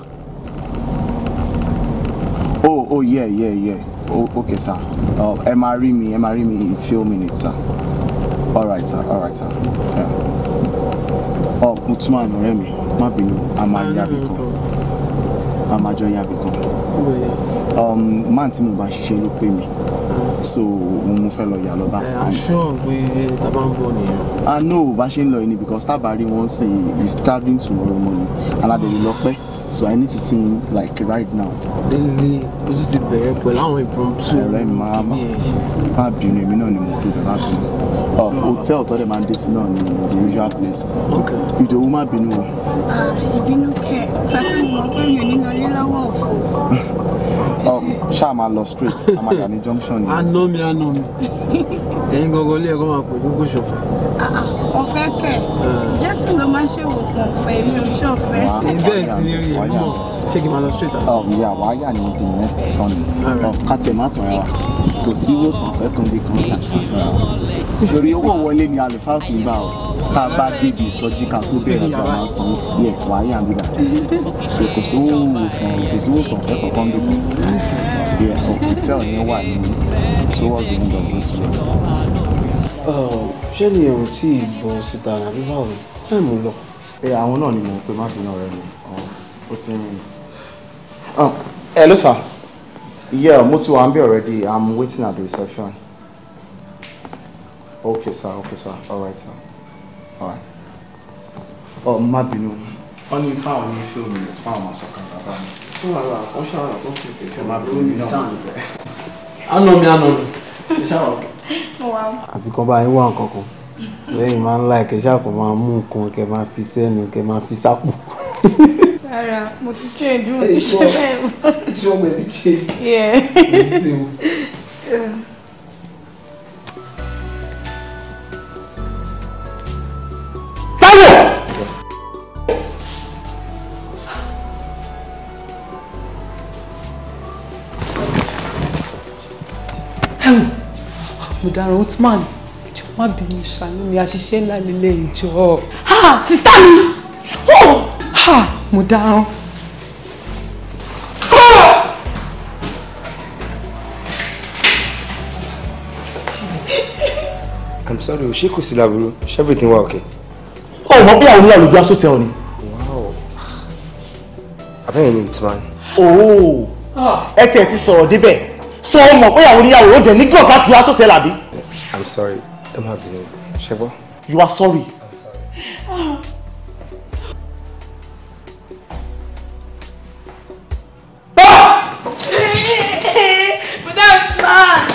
oh oh yeah yeah yeah oh, okay, sir oh, ẹ uh, máa rí mi ẹ máa rí in few minutes sir alright sir alright sir ọ oh, mo tún máa nù rẹ mi má bínú a máa yábì kan a máa jọ yábì kan máà um, tí mo bá ṣiṣẹ́ ló pè mí so òun mo fẹ́ lọ yà lọ bá. ẹ eh, aṣọ pé ta bá ń bọ̀ nìyẹn. ah no bá ṣe ń lọ yìí ni because tábà rí wọn sí is starting tomorrow morning aládẹ́ni lọ pẹ́ so i need to see him like right now. délé ojú ti bẹ̀rẹ̀ pẹ̀lú àwọn impromptu. ẹ̀rẹ́ máa máa bínú èmi náà ni mo kí bàbá bínú ọ oh, hotel tó dẹ̀ máa ń dé sí náà ni the usual place. ìdòwú má bínú o. Ah, ìbínú kẹ sátìmọ̀ pé mi ò ní lọ lé lọ́wọ́ òfò. *laughs* ṣáà máa lọ straight a máa dà ní junction yìí. àná mi àná mi ẹ̀yin gangan ilé ẹ̀kọ́ máa pè gbogbo ṣòfò. wọ́n fẹ́ kẹ̀ eh. jésù ló máa ṣèwòsàn ọ̀fẹ́ mi ò ṣọ̀fẹ́. bẹ́ẹ̀ ti rí ẹ̀ mọ̀ ṣé kí n máa lọ straight àná. ìyá wa yà ní the next turn oh, ká tẹ̀ má tọ̀rẹ́ wa kò sí ìwòsàn ọ̀fẹ́ kan bí kan kà lórí owó wọlé ni àlùfáà fi gbà ọ́ tá a bá débi ìsọjí ká tó bẹ̀rẹ̀ ká máa san yẹ wàá yàn bí dà ṣe kò sówó ìwòsàn kò sówó ìwòsàn ọ̀fẹ́ kankan bí kan the hotel yẹn wà ní tó wà gbẹ̀yìn gbọ̀ngàn sílẹ̀. ṣé ni ò tí ì bọ síta àbí báwo táìmù lọ. ẹ Yeah, I ni mo pe má fi náà rẹ mi ó ti ń rìn. Oh, hello sir yeah mo ti wà already i'm waiting at the reception. okay sir okay sir All right, sir All right. Oh, bínú wọ́n ní fáwọn ní fíìmù rẹ̀ fáwọn máa sọ̀kan bàbá mi ṣọwọ́ra kan kan kò tẹ̀ nǹkan kan lẹ́yìn máa ń láì kẹ́ṣà kò máa mú nǹkan kẹ́ máa fi sẹ́nu kẹ́ máa fi sápò. rárá mo ti change mo ti ṣe bẹ́ẹ̀ mọ́. ṣé ọmọ ẹ ti change. yẹ Táyọ̀. ẹ̀wọ̀n ọ̀daràn Usman ìjọ má bínú ṣàánú mi àṣìṣe ńlá nílé ìjọ. ha sista mi. ha mo dáràn. I'm sorry, ṣé kò sí láburú? Ṣé everything wà okay? Ọ̀ mọ̀ bí àwọn olùyàlójú aṣọ tẹ̀ ọ́ ni. Abẹ́yẹn ni Usman. Ooo, ẹ tiẹ̀ ti sọ̀rọ̀ débẹ̀ tó o mọ̀ bóyá oníyàwó ó dẹ̀ ní gọ́ọ̀gù láti wá sọ́tẹ̀ làbí. i'm sorry I'm happy. bínú ṣe you are sorry. I'm sorry. but that's bad.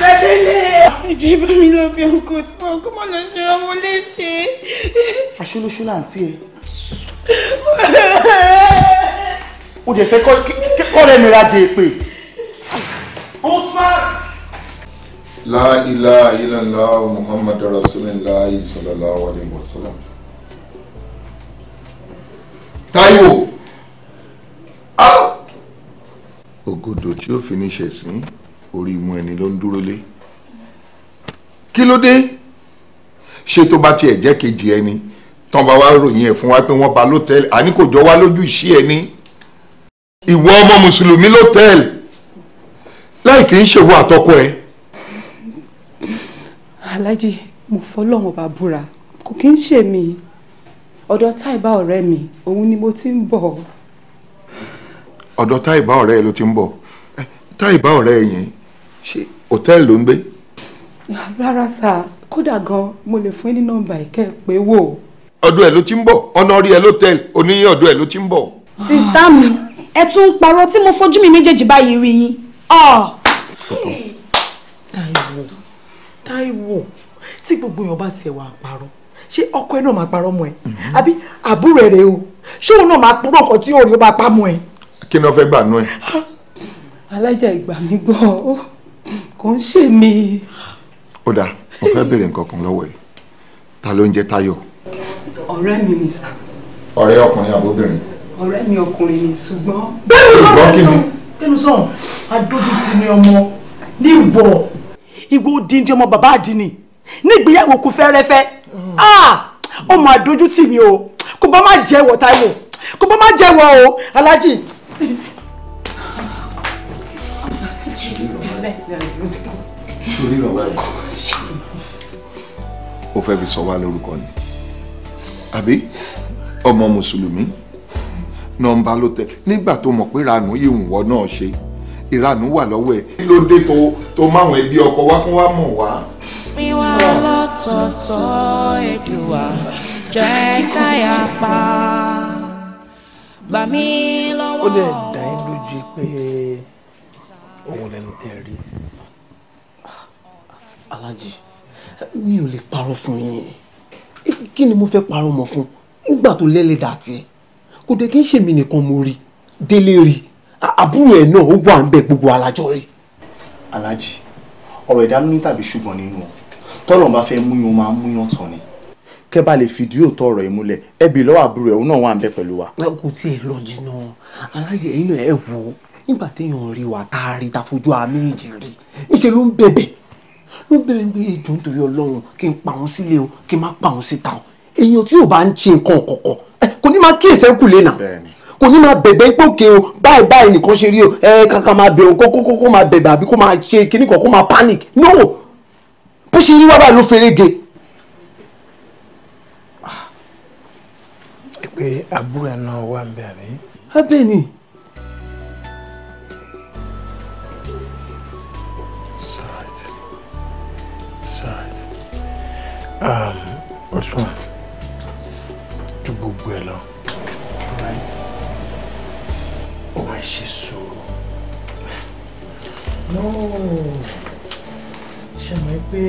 Adele! Ìjọ ìbá mi lọ bí ọkọ̀ tí wọn kọ́ mọ́ lọ ṣe ọmọ léṣe. Aṣolóṣó là ń tí ẹ. O dẹ̀ fẹ́ kọ́ rẹ̀ mi ra jẹ èpè. la ilaha illallah muhammadu rasulillah sallallahu alayhi wa sallam Táíwò ah ògòdò tí ó fi ní ṣẹ̀sìn orí imú ẹni ló ń dúró lé kí ló dé ṣé tó bá tiẹ̀ jẹ́ kejì ẹni tán bá wá ròyìn ẹ̀ fún wa pé wọ́n ba lótẹ́ẹ̀lì àní kò jọ wá lójú ìṣí ẹni ìwọ ọmọ mùsùlùmí lótẹ́ẹ̀lì láì kì í ṣèwọ àtọkọ ẹ̀ aláàjì mo fọlọ́mọ bá búra kò kí ń ṣe mí ọ̀dọ̀ táìbá ọ̀rẹ́ mi òun ni mo ti ń bọ̀. ọ̀dọ̀ táìbá ọ̀rẹ́ ẹ ló ti ń bọ̀ eh, táìbá ọ̀rẹ́ ẹ yẹn ṣé òtẹ́ẹ̀lì ló ń gbé. rárá sá kódà gan mo lè fún yín ní nọ́mbà ìkẹ́ pé wò. ọ̀dọ̀ ẹ ló ti ń bọ̀ ọ̀nà orí ẹ lótẹ́ẹ̀lì oníyìn ọ̀dọ̀ ẹ ló ti ń bọ̀. sista mi ẹ tún ń parọ́ tí mo fojú mi méjèèjì báyìí rí yín. Táíwò tí gbogbo èèyàn bá tiẹ̀ wà parọ́ ṣé ọkọ ẹ náà máa parọ́ mọ́ ẹ àbí àbúrò ẹ rèé o ṣé òun náà máa purọ́ ọkọ tí òòrè ó máa pa mọ́ ẹ. kí ni wọ́n fẹ́ gbà nú ẹ. alájà ìgbà mi gbọ́ kò ń ṣe mí. ó dáa mo fẹ́ béèrè nǹkan kan lọ́wọ́ ẹ ta ló ń jẹ́ Táyọ̀. ọ̀rẹ́ mi ni sà. ọ̀rẹ́ ọkùnrin àbóbìnrin. ọ̀rẹ́ mi ọkùnrin ni ṣùgbọ́n. bẹ́ẹ̀ ni sọ̀rọ̀ bẹ́ẹ̀ adójútì ni ọmọ ní ìbọ̀ ìwọ odindi ọmọ bàbá àdínì nígbéyàwó kò fẹ́rẹ́fẹ́ ah! ó máa tì mí o kò bá má jẹ́wọ́ Táíwò kò bá má jẹ́wọ́ o alájì. torí ọ̀rọ̀ ẹ̀kọ́ ó fẹ́ fi sọ wá lórúkọ ni àbí ọmọ mùsùlùmí nọmba ló tẹ nígbà tó mọ̀ pé ranú yìí ń náà ṣe ìranù wà lọ́wọ́ ẹ̀. kí ló dé tó tó máwọn ẹbí ọkọ wá kó wá mọ̀ wá. mi wá lọ́tọ̀ọ̀tọ̀ Èdùà jẹ́ káyà pa gbà mí lọ́wọ́. ó lè dá ẹ lójú pé òun lẹni tẹ rí. alájì mi ò lè parọ́ fún yín kí ni mo fẹ́ parọ́ mọ́ fún nígbà tó lẹ́lẹ́dàá tiẹ̀ kò dé kí n ṣèmi nìkan mo rí délé rí i àbúrò ẹ̀ náà ó wà ń bẹ gbogbo alájọ rí. alájì ọ̀rọ̀ ìdánú ní tàbí ṣùgbọ́n nínú ọ tọ́lọ̀ bá fẹ́ múyan máa múyan tán ni. kẹ́ bá lè fìdí òótọ́ ọ̀rọ̀ ìmúlẹ̀ ẹbí lọ́wọ́ àbúrò ẹ̀ òun náà wà ń bẹ pẹ̀lú wa. kò tiẹ̀ lọ jìnnà alájì ẹ̀yin náà ẹ̀ wò ó nígbà téèyàn rí wa tá a rí ta fojú àmì ìjì rí níṣẹ́ ló ń bẹ̀bẹ̀ ló ń bẹ̀bẹ̀ níbi ètò nítorí ọlọ́run kí n pa òun sílé o kí n má pa òun síta o èèyàn tí yóò bá ń ṣe nǹkan ọ̀kọ̀ọ̀kọ̀ kò ní máa kíyèsí ẹ̀kú lé nà. bẹ́ẹ̀ni kò ní máa bẹ̀bẹ̀ pé òkè o báyìí báyìí nìkan ṣe rí o ẹ kankan máa bẹ̀rù kó kó kó máa bẹ̀bẹ̀ àbí kó máa ṣe kíní kan kó máa panic no bó ṣe rí wàhálà ló ferege. Ah, pé àbúrò ẹ̀ náà wà ń bẹ̀ àbí. abẹ́ ni. Um, Osman, ju gbogbo ẹ ṣe sùúrù ṣe mọ̀ pé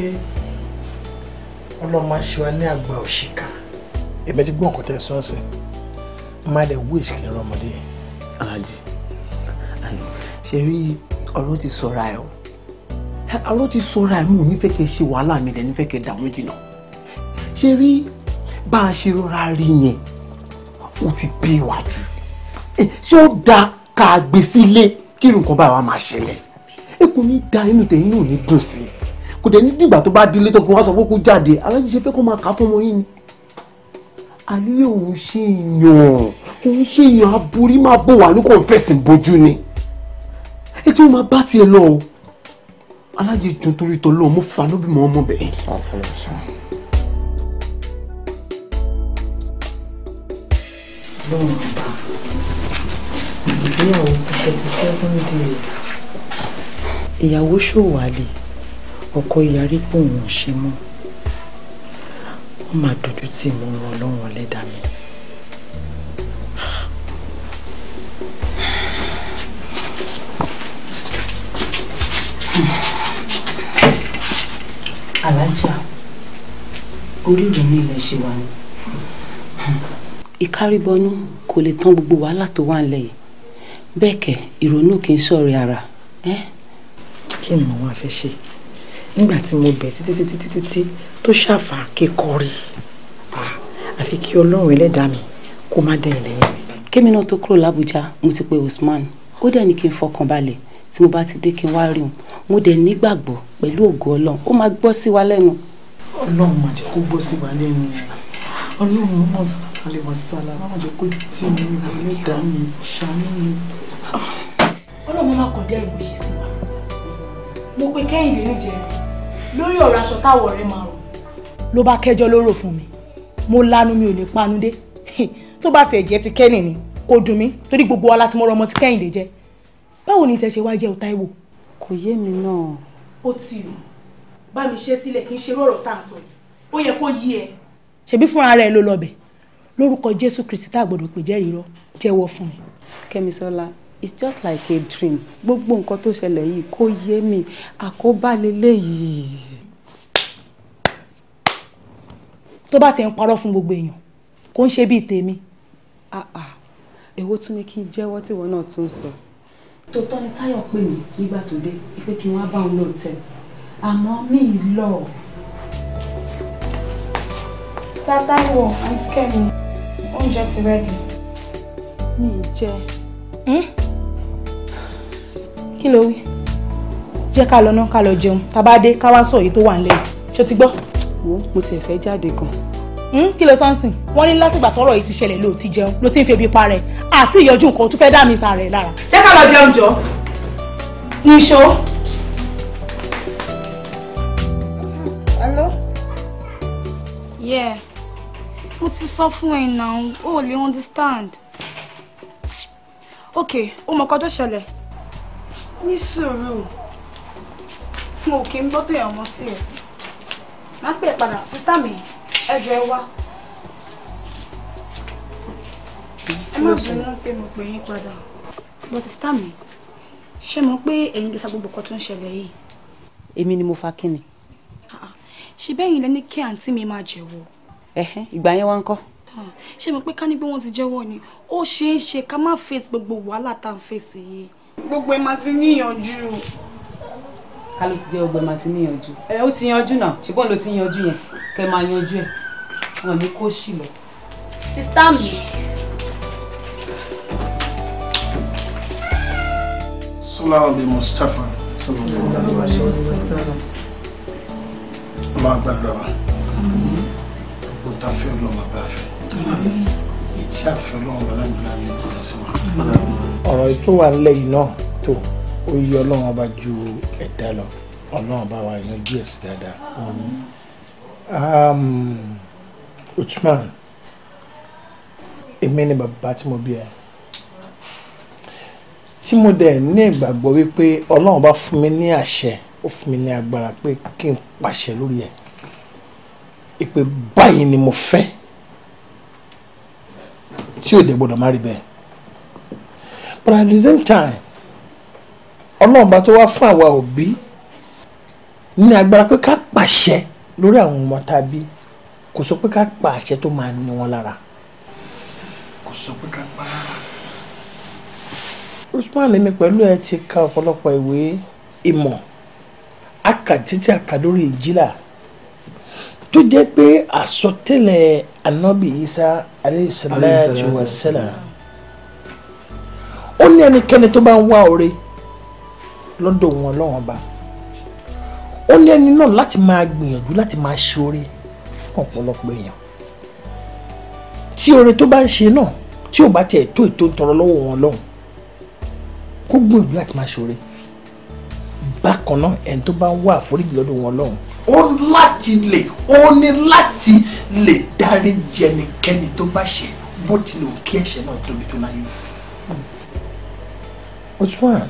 ọlọ́mọ ṣe wa ní àgbà òṣìkà. èmi ti gbọ́ nǹkan tẹ́ sọ́n sí má dẹ̀ wíṣ kí n rán ọmọdé yẹn. alájí ṣe rí ọ̀rọ̀ ti sọra o ọ̀rọ̀ ti sọra ẹ̀ mi ò ní fẹ́ kẹ́ ṣe wàhálà mi dẹ̀ ní fẹ́ kẹ́ dààmú jìnnà ṣe rí bá a ṣe rọra rí yẹn ó ti bí ìwà jù ṣé ó dáa ká gbé sílé kí irú nǹkan báyìí wá máa ṣẹlẹ̀ ẹ kò ní da inú tẹ̀yìn náà ní dùn sí i kò dẹ̀ ní dìgbà tó bá délé tó fi wá sọ pé kó jáde alájí ṣe fẹ́ kó máa kà á fún ọmọ yín ni àlẹ́ òun ṣe èèyàn kò ń ṣe èèyàn aborí máa bò wá ló kàn fẹ̀sìn ni ẹ tí wọ́n máa bá tiẹ̀ lọ o alájí dùn torí tọ́lọ́ mo fà lóbìmọ̀ ọmọ bẹ́ẹ̀. lọ́rùn bá a ìgbéyàwó thirty seven days. ìyàwó ṣòwàlè ọkọ yarí pé òun ò ṣe mọ́ wọ́n máa dojú tì mọ́ ọlọ́run ọlẹ́dà mi. alájà orí ìlú ní ilẹ̀ ṣe wà ní. ìkáríbọnú kò lè tán gbogbo wàhálà tó wà ń lẹ̀ yìí bẹ́ẹ̀ kẹ̀ ìrònú kì í sọ̀rọ̀ ara. kí ni mo wá fẹ́ ṣe nígbà tí mo bẹ̀ títí títí títí tí tó ṣàfà kékọ́rí àfi kí ọlọ́run ẹlẹ́dàá mi kó má dẹ̀yìn lẹ́yìn mi. kémi náà tó kúrò lábújá mo ti pe Usman ó dẹ̀ ní kí n fọkàn balẹ̀ tí mo bá ti dé kí n wá rí òun mo dẹ̀ nígbàgbọ́ pẹ̀lú ògo ọlọ́run ó máa gbọ́ sí wa lẹ́nu. ọlọ́run máa jẹ́ kó gbọ́ sí wa lẹ́nu ọlọ́run mọ̀ sálálẹ̀ wàsálà máa jẹ́ kó tì mí ẹlẹ́dàá mi ṣàánú mi ọlọ́mọ má kàn dẹ́rù bó ṣe sí wa mo pe kẹ́hìndé níjẹ lórí ọ̀rọ̀ aṣọ táwọ̀ rẹ̀ máa rùn ló bá kẹjọ lóró fún mi mo lanu mi ò ní panudé *laughs* tó bá tiẹ̀ jẹ́ ti kẹ́nì ni kò dùn mí torí gbogbo wa láti mọ ọmọ ti kẹ́hìndé jẹ báwo ni tẹ ṣe jẹ́ o Táíwò. kò yé mi náà. ó ti rù bá mi ṣe sílẹ̀ kí n ṣe rọ̀rọ̀ tá à ń sọ yìí ó yẹ kó yí ẹ. ṣebí fúnra rẹ ló lọ bẹ lórúkọ Jésù Kristi tá a gbọ́dọ̀ pè jẹ́rìí fún mi. Kẹ́misọ́lá it's just like a dream gbogbo nǹkan tó ṣẹlẹ̀ yìí kò yé mi àkóbá leléyìí. tó bá ti ń parọ́ fún gbogbo èèyàn kò ń ṣe bíi tèmi ah, ah. èwo tún ni kí n jẹ́wọ́ tíwọ́ náà tún sọ. tòótọ́ ni táyọ̀ pè mí nígbà tó dé pé kí wọ́n bá òun lóòótẹ́ àmọ́ mi ì lọ. tátáwò àǹtí kẹ́mi oúnjẹ ti rẹ́dì. mi ì jẹ. Hmm? kí ló wí jẹ́ ká lọ ná ká lọ jẹun tá a bá dé ká wá sọ èyí tó wà nílẹ̀ ṣó ti gbọ́. wo mo tiẹ̀ fẹ́ jáde gan. Hmm, kí ló sánsìn wọ́n ní látìgbà tọ́rọ̀ yìí ti ṣẹlẹ̀ ló ti jẹun ló ti ń febi pa rẹ̀ àti ìyọjú nǹkan tó fẹ́ dá mi sàrẹ̀ lára. jẹ́ ká lọ jẹun jọ níṣó. hello. yeah mo ti sọ fún ẹ náà o ò lè understand. ok o mọ̀ kọ́ tó ṣẹlẹ̀ ní sùúrù mo kì í gbọ́ tèèyàn mọ́ sí ẹ má pè padà sísá mi ẹjọ́ ẹ wá ẹ má bínú pé mo pè yín padà. bọ́ sísá mi ṣé mo pé ẹ̀yin lè fa gbogbo nǹkan tó ń ṣẹlẹ̀ yìí. èmi ni mo fa kíni. Ah, ṣe bẹ́ẹ̀ yín lẹ ní kí àǹtí mi máa jẹ̀wọ́. ẹ̀hẹ́n ìgbà yẹn wá ń kọ́ ah, ṣé mo pé ká ní pé wọ́n ti jẹ́wọ́ ni ó ṣeé ṣe ká má fèsì gbogbo wàhálà tá à ń fèsì yìí gbogbo ẹ̀ máa ti níyànjú. ká ló ti jẹ́ gbogbo ẹ̀ máa ti níyànjú. ẹ ó ti yanjú náà ṣùgbọ́n ló ti yanjú yẹn kẹ́ máa yanjú ẹ̀ wọn ní kó ṣì lọ. sista mi. sọláwà bíi mustapha ọlọ́gbàdúrà wa gbogbo tá a fẹ́ ọlọ́mọ bá fẹ́ tí àfẹ́ ọlọ́run bá láti gbà lè jìnà sí wa. ọ̀rọ̀ tó wà nílẹ̀ yìí náà tó ó yí ọlọ́run ọba ju ẹ̀dá lọ ọlọ́run bá wa yanjú ẹ̀ sí dáadáa. Um, Uthman èmi ni bàbá tí mo bí ẹ tí mo dẹ̀ ní ìgbàgbọ́ wípé ọlọ́run bá fún mi ní àṣẹ ó fún mi ní agbára pé kí n pàṣẹ lórí ẹ̀ ìpè báyìí ni mo fẹ́ tí ò dẹ̀ gbọ́dọ̀ má rí bẹ́ẹ̀ but at the same time ọlọ́run bá tó wá fún àwa òbí ní agbára pé ká pàṣẹ lórí àwọn ọmọ tàbí kò sọ pé ká pa àṣẹ tó máa ní wọn lára kò sọ pé ká pa rárá. Usman lèmi pẹ̀lú ẹ ti ka ọ̀pọ̀lọpọ̀ ìwé ìmọ̀ akàtìtì àkàdórí ìjìlá tó jẹ́ pé àsọtẹ́lẹ̀ anabi isa aleyhisalatu wasala ó ní ẹnikẹ́ni tó bá ń wá oore lọ́dọ̀ wọn lọ́wọ́n ba ó ní ẹni náà láti máa gbìyànjú láti máa ṣe oore fún ọ̀pọ̀lọpọ̀ èèyàn tí oore tó bá ń ṣe náà tí ò bá tiẹ̀ tó ètò ìtọrọ lọ́wọ́ wọn lọ́hùn kó gbìyànjú láti máa ṣe oore bákan náà ẹni tó bá ń wá àforíjì lọ́dọ̀ wọn lọ́hùn ó láti láti lè ó ní láti lè dáríjì ẹnikẹ́ni tó bá ṣe bó tilẹ̀ ò kí ẹ̀ṣẹ̀ náà tóbi tó láyé. Usman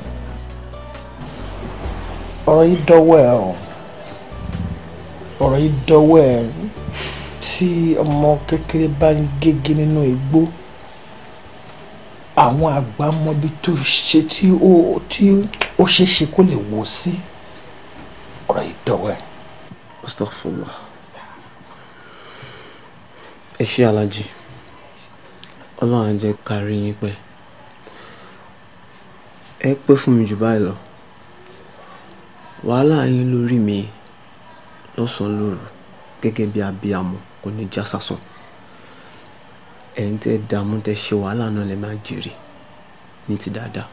ọ̀rọ̀ yìí dọ́wọ́ ẹ̀ ọ́ ọ̀rọ̀ yìí dọ́wọ́ ẹ̀ tí ọmọ kékeré bá ń gègé nínú igbó àwọn àgbà mọbi tó ṣe tí ó ṣeé kó lè wò sí ọ̀rọ̀ yìí dọ́wọ́ ẹ̀ astaghfirullah ẹ ṣe alájí ọlọ́run á jẹ́ ká yín pẹ́ ẹ pẹ́ fún mi jù báyìí lọ wàhálà yín lórí mi lọ́sàn-án lóru gẹ́gẹ́ bí abiyamọ kò ní já sásán ẹ̀yin tẹ́ dààmú tẹ́ ṣe wàhálà náà lè máa jèrè ní ti dáadáa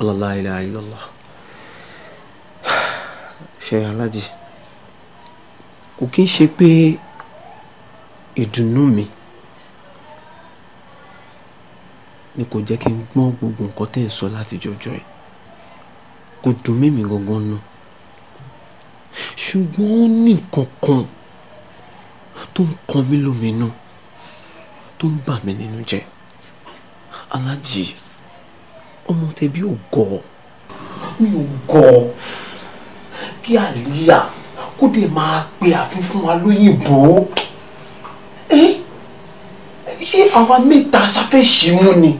Allah la ilaha illallah ṣe aláàjì kò kí ń ṣe pé ìdùnnú mi ni kò jẹ́ kí n gbọ́n gbogbo nǹkan tẹ́ ẹ̀ sọ láti jọjọ́ ẹ̀ kò dùn mímì gangan náà ṣùgbọ́n ó tó ń kan mí lóminú tó ń bà mí nínú jẹ́ aláàjì ọmọ tẹbí ò gọ̀ mi ò gọ̀ ọ́ kí àlíyà kó dé máa pe àfin fún wa lóyìnbó ṣé àwa mẹ́ta ṣafẹ́ ṣì mú ni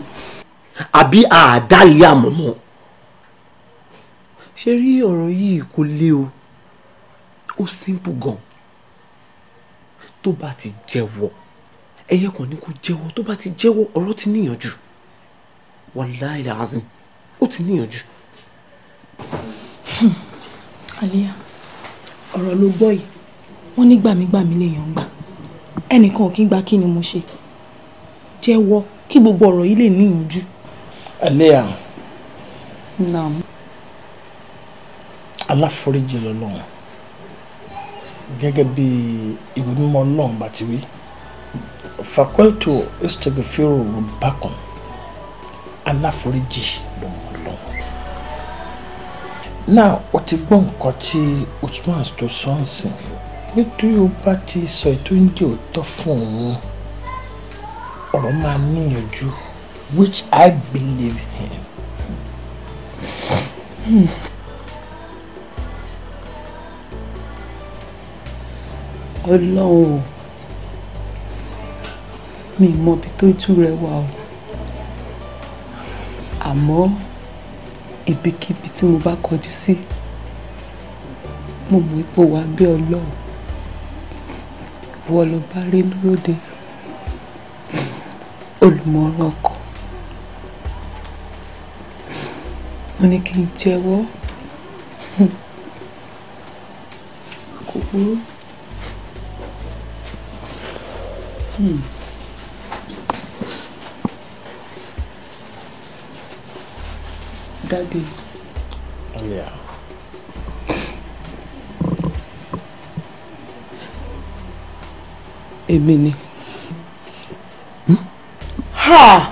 àbí àádáàlíyà mọ̀mọ́ ṣe rí ọ̀rọ̀ yìí kò lé o ó simple gan tó bá ti jẹ́wọ́ ẹyẹ kan ní kó jẹ́wọ́ tó bá ti jẹ́wọ́ ọ̀rọ̀ ti níyànjú wàláì làásìn ó ti níyànjú. Hmm. Aliya ọ̀rọ̀ ló gbọ́ yìí wọ́n ní gbàmígbàmí lèèyàn ń gbà ẹnìkan ò kí gba kí ni mo ṣe jẹ́wọ́ kí gbogbo ọ̀rọ̀ yìí lè níyànjú. Aliya. Naam. aláforíjì lọ́lọ́run gẹ́gẹ́ bí ìwé mímọ́ náà bá ti wí fakultu istagfiru rubakun aláforíjì Now ó ti gbọ́ nǹkan tí Usman tó sọ ń sìn nítorí ó bá ti sọ ètò ń jẹ́ òótọ́ fún òun ọ̀rọ̀ máa níyànjú which I believe him. Hmm. ọlọ́run mi mọ ibi tó tú rẹ wà o àmọ́ ibikíbi tí mo bá kọjú sí mo mọ̀ ipò wa bí ọlọ́run ìwọ ló bá rí lóde olùmọ̀ràn ọkọ mo ní kí n jẹ́wọ́ kò burú. Hmm. Daddy. Yeah. Èmi ni. Hmm? Ha!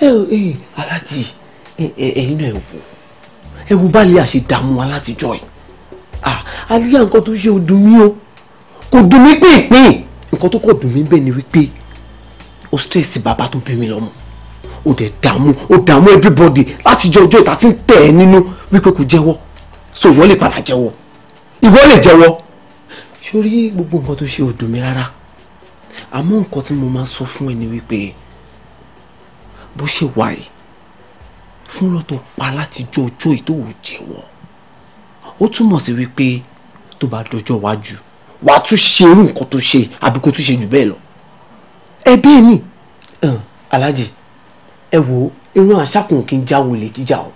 Eh, Aláàjì eh, eh, ẹ̀yin náà ẹ wò ẹ wò báyìí àṣedààmú alátijọ́ yìí àríyá nǹkan tó ṣe ò dùn mí o kò dùn mí pínpín nǹkan tó kọ̀ dùn mí me ni wípé o stress bàbá tó bí mi lọ́mọ o dẹ̀ dààmú o dààmú everybody láti jẹ ọjọ́ ìta tí ń tẹ̀ ẹ́ nínú wípé kò jẹ́wọ́ so ìwọ lè padà jẹ́wọ́ ìwọ lè jẹ́wọ́ sórí gbogbo nǹkan tó ṣe ò dùn mí rárá àmọ́ nǹkan tí mo máa sọ fún ẹ ni wípé bó ṣe wà yìí fún lọ́tọ̀ pa láti jọ ọjọ́ ìtòwò jẹ́wọ́ ó túmọ̀ sí wípé tó bá dọjọ́ wájú wàá tún ṣe irú nǹkan tó ṣe àbí kó tún ṣe jù bẹ́ẹ̀ lọ ẹbí ẹ nì. aláàjì ẹ wo irun aṣákùn kí n jáwọ́ lè jíjà o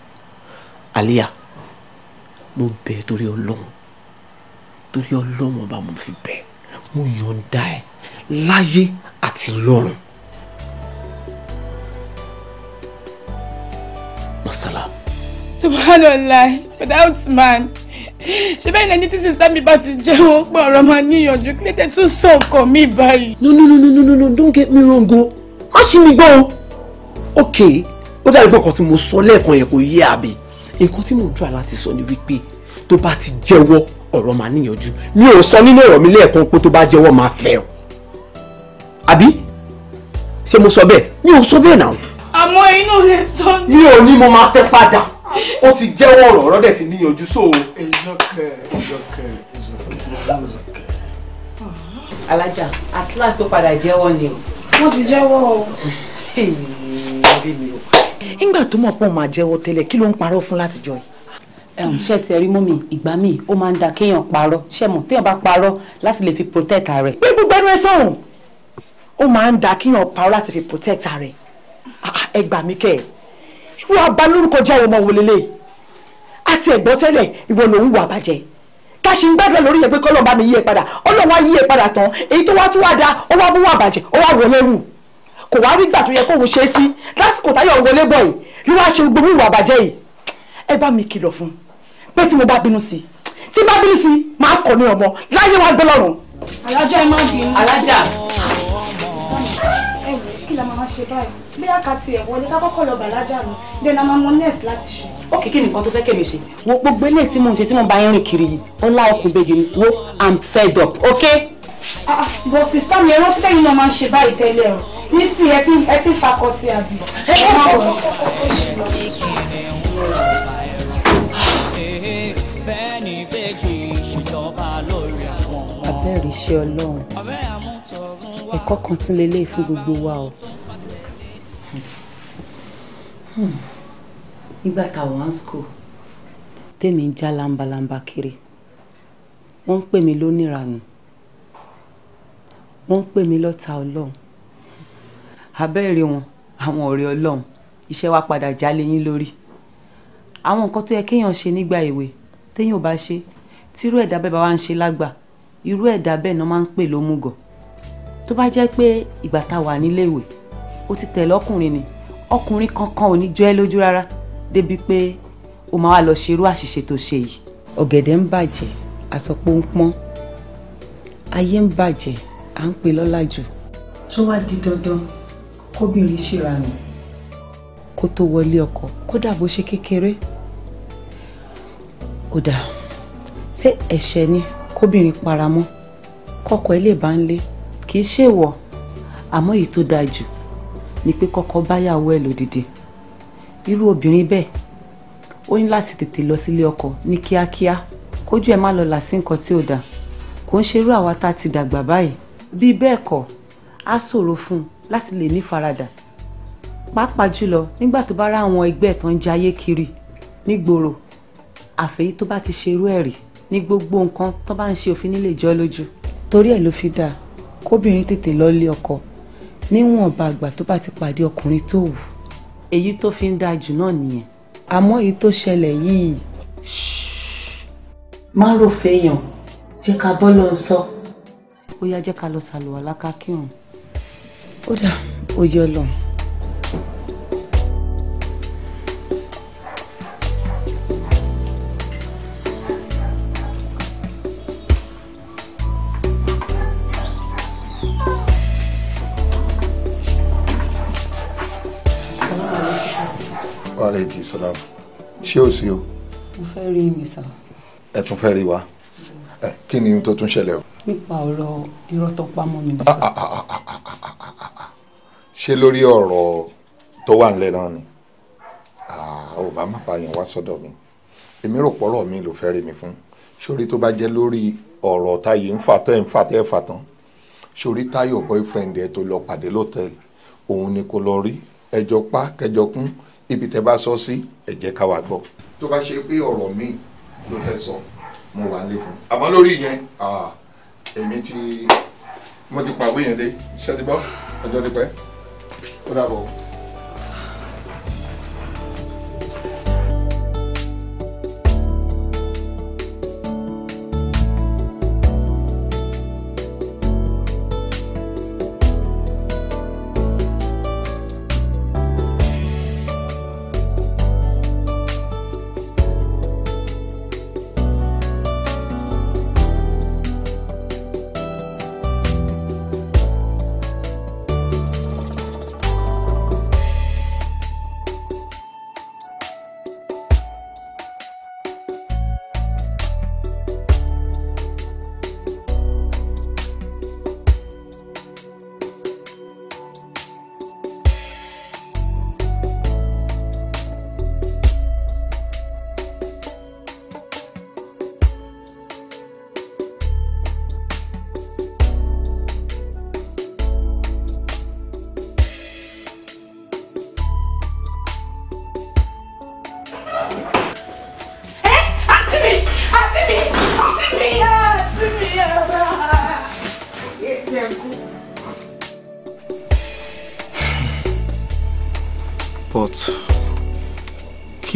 àlíyà mo bẹ̀ torí ọlọ́run torí ọlọ́run ọba mo fi bẹ̀ mo yọ̀ǹda ẹ láyé àti lọ́run. masala. subhanallah without man ṣe bẹ́ẹ̀ lẹni tí sísá mi bá ti jẹ́wọ́ pé ọ̀rọ̀ máa níyànjú kí lẹ́tẹ̀ tún sọ ọkàn mi báyìí. no no no no no no don't get me wrong o má ṣì mí gbọ́ o. ok ó dàbí pé ọkàn tí mo sọ lẹ́ẹ̀kan yẹn kò yé àbí nǹkan tí mo ń dúrà láti sọ ni wípé tó bá ti jẹ́wọ́ ọ̀rọ̀ máa níyànjú mi ò sọ nínú ọ̀rọ̀ mi lẹ́ẹ̀kan pé tó bá jẹ́wọ́ máa fẹ́ o àbí ṣé mo sọ bẹ́ẹ̀ mi ò sọ bẹ́ẹ̀ náà. àmọ́ inú rẹ̀ sọ ni. mi ò ní mo máa fẹ́ padà ó ti jẹ́wọ́ ọ̀rọ̀ ọ̀rọ̀ dẹ̀ ti níyanjú so. alájà at last tó padà jẹ́wọ́ ni o. wọ́n ti jẹ́wọ́ o. nígbà tó mọ̀ pé òun máa jẹ́wọ́ tẹ́lẹ̀ kí ló ń parọ́ fún látijọ́ yìí ṣe ti ẹ̀rí mú mi ìgbà míì ó máa ń da kéèyàn parọ́ ṣe mọ̀ téèyàn bá parọ́ láti lè fi protect ààrẹ. bí gbogbo ẹnu ẹ sọ̀rùn ó máa ń da kéèyàn parọ́ láti fi protect ààrẹ ah, ah, ẹ gbà kẹ́ ẹ̀ ìwọ abalórúkọ jẹ́ àwọn ọmọ wò lélẹ̀ àti ẹ̀gbọ́n tẹ́lẹ̀ ìwọ lòún wà bàjẹ́ ká ṣe ń gbàdúrà lórí yẹn pé kọ́lọ́ bá mi yí ẹ padà ọlọ́wọ́ á yí ẹ padà tán èyí tó wá tún wá da ó wá bó wà bàjẹ́ ó wá wọlé wù kò wá rí gbà tó yẹ kóun ṣe sí lásìkò táyọ̀ wọlé bọ̀ yìí ló wá ṣe gbogbo ìwà bàjẹ́ yìí ẹ bá mi kìlọ̀ fún un pé tí mo bá bínú sí i tí bá bínú sí i máa kọ̀ ní ọmọ láyé wa gbọ́lọ́run. alájà ẹ má bínú. alájà ṣe báyìí bí àkàtì ẹ̀wọ́ ni ká kọ́kọ́ lọ bàlájà mi then a máa mọ next láti ṣe. ó kìkì nìkan tó fẹ́ kẹ́mi ṣe wo gbogbo eléyìí tí mò ń ṣe tí mo bá ń rìn kiri yìí ọlá ọkùnbejì ni wo i'm fed up okay. Ah, ah, bọ̀ sista mi ẹran tí tẹ́yìn náà máa ń ṣe báyìí tẹ́lẹ̀ o nísìnyí ẹ ti ẹ ti fakọ sí àbí. abẹ́rẹ́ iṣẹ́ ọlọ́run ẹ̀kọ́ kan tún lélẹ́yìí fún gbogbo wa o. Hmm. nígbà táwọn ń school tèmi ń já lambalamba kiri wọ́n ń pè mí lóníranù wọ́n ń pè mí lọ́ta ọlọ́run abẹ́rẹ́ wọn àwọn ọ̀rẹ́ ọlọ́run iṣẹ́ wa padà jálé yín lórí àwọn nǹkan tó yẹ kéèyàn ṣe nígbà èwe téèyàn ò bá ṣe tírú ẹ̀dá bẹ́ẹ̀ bá wá ń ṣe lágbà irú ẹ̀dá bẹ́ẹ̀ náà máa ń pè lómùgọ̀ tó bá jẹ́ pé ìgbà tá níléèwé ó ti tẹ̀ lọ́kùnrin ni ọkùnrin kankan ò ní jọ ẹ́ lójú rárá débi pé o máa wá lọ ṣerú àṣìṣe tó ṣe yìí. ọ̀gẹ̀dẹ̀ ń bàjẹ́ àsọpọ̀ ń pọ́n ayé ń bàjẹ́ à ń pè lọ́lá jù. tó wá di dandan kóbìnrin ṣèrà nù. kó tó wọlé ọkọ kódà bó ṣe kékeré ó dáa ṣé ẹ̀ṣẹ̀ ni kóbìnrin paramọ́ kọ́kọ́ ẹ lè bá ń lé kì í ṣèwọ̀ àmọ́ èyí tó dáa jù ni pé kọ́kọ́ báyàwó ẹ̀ lódìdí irú obìnrin bẹ́ẹ̀ ó ní láti tètè lọ sílé ọkọ ní kíákíá kójú ẹ̀ má lọ là sí nǹkan tí ò dáa kò ń ṣerú àwa tá a ti dàgbà báyìí bí bẹ́ẹ̀ kọ́ á ṣòro fún un láti lè ní faradà pàápàá jùlọ nígbà tó bá rá àwọn ẹgbẹ́ tó ń jayé kiri nígboro àfẹ́yí tó bá ti ṣerú ẹ̀ rí ní gbogbo nǹkan tó bá ń ṣe òfin nílé ìjọ lójú torí ẹ̀ ló fi dáa kóbìnrin tètè lọ lé ọkọ níwọ̀nba àgbà tó bá ti pàdé ọkùnrin tó wù. èyí tó fi ń da jù náà nìyẹn. àmọ́ èyí tó ṣẹlẹ̀ yìí. má rò fẹ́yàn jẹ́ ká bọ́ lọ sọ. ó yá jẹ́ ká lọ sàlùwà lákàkí òun. ó dà ó yọ lọ́hùn. aleykum salaam ṣé o sí o. mo fẹ́ rí mi sá. ẹ tún fẹ́ rí wa kí ni tó tún ṣẹlẹ̀ o. nípa ọ̀rọ̀ irọ́ tó pamọ́ mi. *laughs* ṣé lórí ọ̀rọ̀ tó wà nílẹ̀ náà ni ò bá má pààyàn wá sọ́dọ̀ mi èmi rò pọ̀rọ̀ mi ló fẹ́ rí mi fún sórí tó bá jẹ́ lórí ọ̀rọ̀ táyé ń fà tẹ́ ń fà tẹ́ fà tán sórí táyọ̀ boyfriend ẹ̀ tó lọ pàdé lọ́tẹ̀lì òun ni kò lọ rí ẹjọ́ pa kẹjọ kún ibi tẹ́ bá sọ sí ẹ jẹ́ ká wá gbọ́. tó bá ṣe pé ọ̀rọ̀ mi ló fẹ́ sọ mo wà nílé fún un àmọ́ lórí yẹn èmi ti mo ti pàwé yẹn dé ṣẹ́ni bọ́ ọjọ́ ti pẹ́ ó dàbọ̀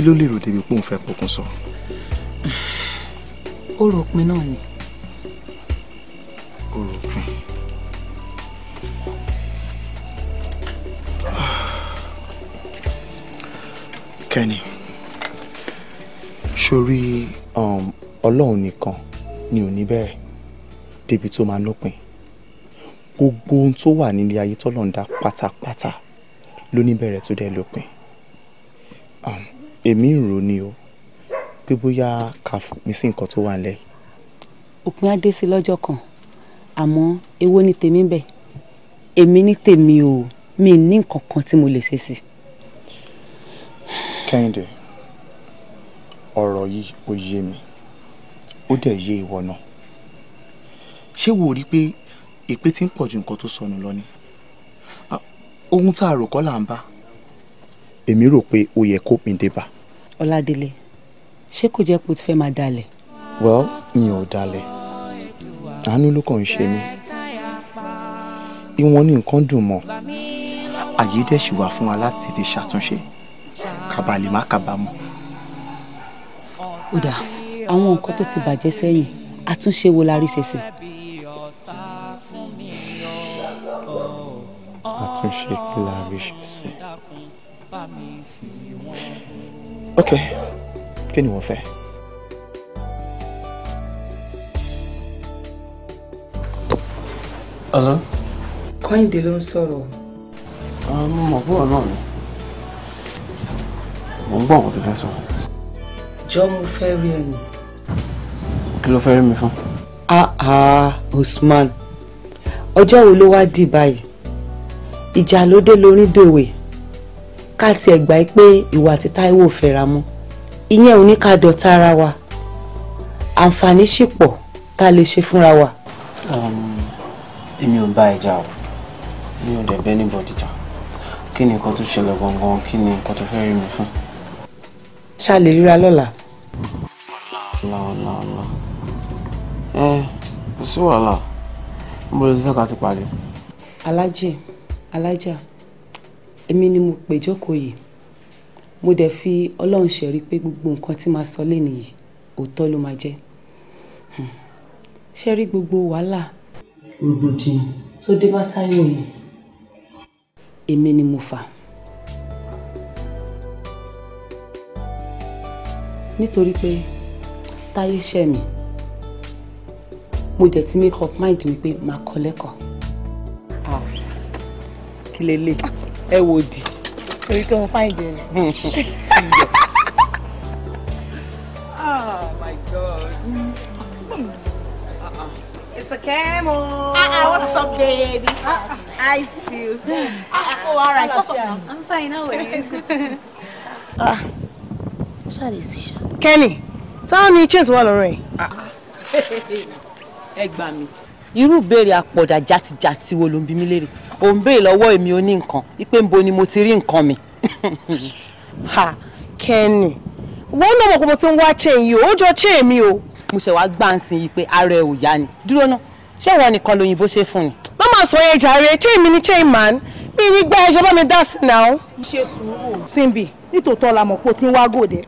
kí ló lè rò débi pé òun fẹ́ pokùnso. ó rò pin náà ni. ó rò pin. Kenny sórí um, ọlọ́run nìkan ni ò ní bẹ̀rẹ̀ débi tó máa lópin gbogbo ohun tó wà nílé ayé tọ́lọ́run dá pátápátá ló ní bẹ̀rẹ̀ tó dẹ̀ lópin. Um, èmi ń rò ni o pé bóyá ká fòpin sí nǹkan tó wà nílẹ̀. òpin á dé sí lọ́jọ́ kan àmọ́ èwo ni tèmi ń bẹ̀ èmi ní tèmi o mi ní nǹkan kan tí mo lè ṣe sí. kẹ́hìndé ọ̀rọ̀ yìí ó yé mi ó dẹ̀ yé ìwọ náà ṣé wò ó rí pé èpè tí ń pọ̀ ju nǹkan tó sọnù lọ ni ohun tá a rò kọ́ là ń bá èmi rò pé ó yẹ kó pin débà. ọ̀làdélé ṣé kò jẹ́ pé o ti fẹ́ máa dalẹ̀. well mi ò dalẹ̀ àánú ló kàn ń ṣe mí ìwọ̀n ní nǹkan dùn mọ́ àyè dẹ̀ ṣì wà fún wa láti tètè ṣàtúnṣe kàbàlì má kàbàmọ́. ó àwọn nǹkan tó ti bàjẹ́ sẹ́yìn àtúnṣe wo la rí ṣẹṣẹ. àtúnṣe kí la rí ṣẹṣẹ ok kí ni wọ́n fẹ́. ọ̀sán. kọ́hìndé ló ń sọ̀rọ̀. Ah, mo mọ̀ bọ́ọ̀ náà ni mo ń gbọ́ ah, ah, Usman ọjọ́ wo ló wá dì báyìí ìjà ló dé lórí dòwe ká tiẹ̀ gbà í pé ìwà àti Táíwò fẹ́ra mọ́ ìyẹn ò ní ká dọ̀tá ara wa àǹfààní sì pọ̀ tá a lè ṣe fúnra wa. Um, èmi ò bá ẹja o èmi ò dẹ̀ bẹ́ ní bọ́dìjà kí ni nǹkan tó ṣẹlẹ̀ gangan kí ni nǹkan tó fẹ́ rí mi fún. ṣá lè ríra lọ́la. ọ̀la ọ̀la ọ̀la ẹ kò sí wàhálà mo lè fẹ́ ká ti pàdé. alájì alájà èmi ni mo pè jókòó yìí mo dẹ̀ fi ọlọ́run ṣẹ̀rí pé gbogbo nǹkan tí màá sọ lénìí yìí òótọ́ ló máa jẹ́ hmm. ṣe rí gbogbo wàhálà rògbòdìyàn tó dé bá Táíwò yìí èmi ni mo fà nítorí pé Táyé ṣẹ̀ mi mo dẹ̀ ti make up mind mi pé màá kọ́ lẹ́kọ̀ọ́ ah, kí lè lè ẹ wò di. èyí tó ń fáìn jẹ rẹ. Hmm. *laughs* oh my god. Hmm. It's a camel. Ah, ah, what's up, baby? uh I see you. uh Oh, all right. What's I'm fine. How are *laughs* Ah, ṣáà lè sí ṣá. Kenny, táwọn ní chains wà lọ́rùn ẹ̀. *laughs* Ẹ gbà mí irú ìbéèrè àpọ̀dà játijàti wo ló ń bi mí léèrè ò ń béèrè lọ́wọ́ èmi oní nǹkan wípé ń bo ni mo ti rí nǹkan mi. *laughs* ha kẹ́ni wọ́n náà mọ̀ pé mo ti ń wá chain yìí ó jọ chain mi o. mo ṣe wá gbà ń yìí pé ara ẹ ò yá ni dúró náà ṣé ìwọ nìkan lóyìnbó ṣe fún ni. má máa sọ ẹ jàre chain mi ni chain man mi ní gbá ẹjọ́ bá mi dá sí náà. ṣe sùúrù síbi nítòótọ́ la mọ̀ pé o ti ń wá gòdè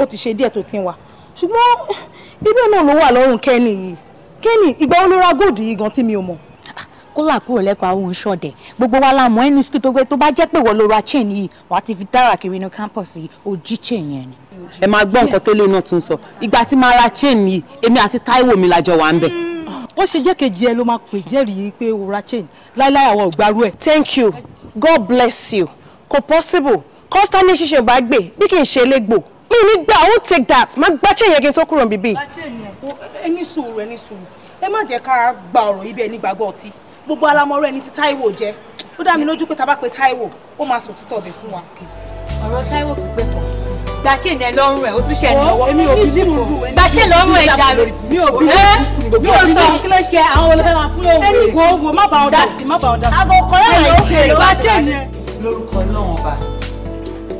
ó ti ṣe díẹ̀ tó ti ń wá ṣùgbọ́n ibẹ̀ náà ló wà lọ́rùn kẹ́ni yìí Kenny ìgbà wo ló ra gold yìí gan tí mi ò mọ̀ ah, kólà kúrò lẹ́kọ̀ọ́ àwọn òǹṣọ̀dẹ̀ gbogbo wa la mọ̀ ẹnu sùkú tó gbé tó bá jẹ́ pé wọ́n ló ra chain yìí wà á ti fi dára kiri inú kámpọ̀sì ojí chain yẹn ni. ẹ máa gbọ́ nǹkan tẹ́lẹ̀ náà tún sọ ìgbà tí máa ra chain yìí èmi àti Táíwò mi lájọ wà ń bẹ̀. Ah, ó ṣe jẹ́ kejì ẹ ló máa pè jẹ́rìí pé o ra chain láíláí àwọn ògbárú ẹ̀. thank you god bless you kò possible constantly ṣiṣẹ́ bá gbé bí kì í ṣe elégbò mi ní gbà i won't take that máa gbá chain yẹn kí n tó kúrò níbí ẹni sùúrù ẹni sùúrù ẹ má jẹ́ ká gba ọ̀rọ̀ yìí bẹ́ẹ̀ ní gbàgbọ́ ọtí gbogbo alamọ̀rọ̀ ẹni tí Táíwò jẹ́ ó dá mi lójú pé tá a bá pe Táíwò ó máa sọ tútọ̀ bẹ̀ fún wa. ọ̀rọ̀ Táíwò kò pẹ́ pọ̀ gbàtsé ní ẹ lọ́rùn ẹ̀ ó túṣe ẹ̀ lọ́wọ́ èmi ò bí mú gbàtsé lọ́rùn ẹ̀ jà lórí mi ò bí mi ò sọ kí ló ṣe àwọn olùfẹ́ máa fún lóhùn ẹni kò wò má bà wọn dá sí má bà wọn dá sí. àgọ́ kọ́ ẹ̀ ló ṣe gbàtsé ní. lórúkọ lọ́wọ́n ọba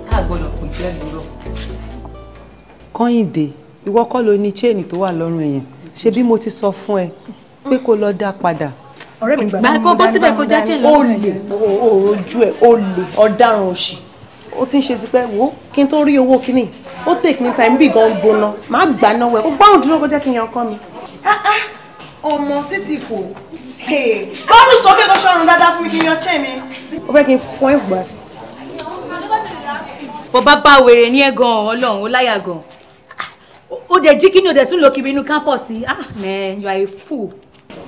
tá a gbọ́dọ̀ kò jẹ́ lóró. Kọ́yìndé ìwọ kọ́ ló ní chain tó wà lọ́rùn èèyàn ṣebí mo ti sọ fún ẹ pé kó lọ dá padà ọ̀rẹ́ mi gbàgbọ́ gbàgbọ́ bó síbẹ̀ kó jáde lọ. o lè o rojú ẹ o ti ń ṣe tipẹ́ wo kí n tó rí owó kínní ó take me time bí gan gbóná máa gbà náwó ẹ kó gbọ́n dúró kó jẹ́ kí n yan kán mi. Ah, ah, ọmọ títí fò bọ́ọ̀lù sókè kó ṣọ́run dáadáa fún mi kí n yan chain mi. ó fẹ́ kí n fọ́ ẹ̀gbà. bọ́ bá bá wèrè ní ẹ̀ gan-an ọlọ́run ó láyà gan-an o dẹ̀ jí kíni o dẹ̀ tún lọ kiri inú kámpọ̀sì ah man you are a fool.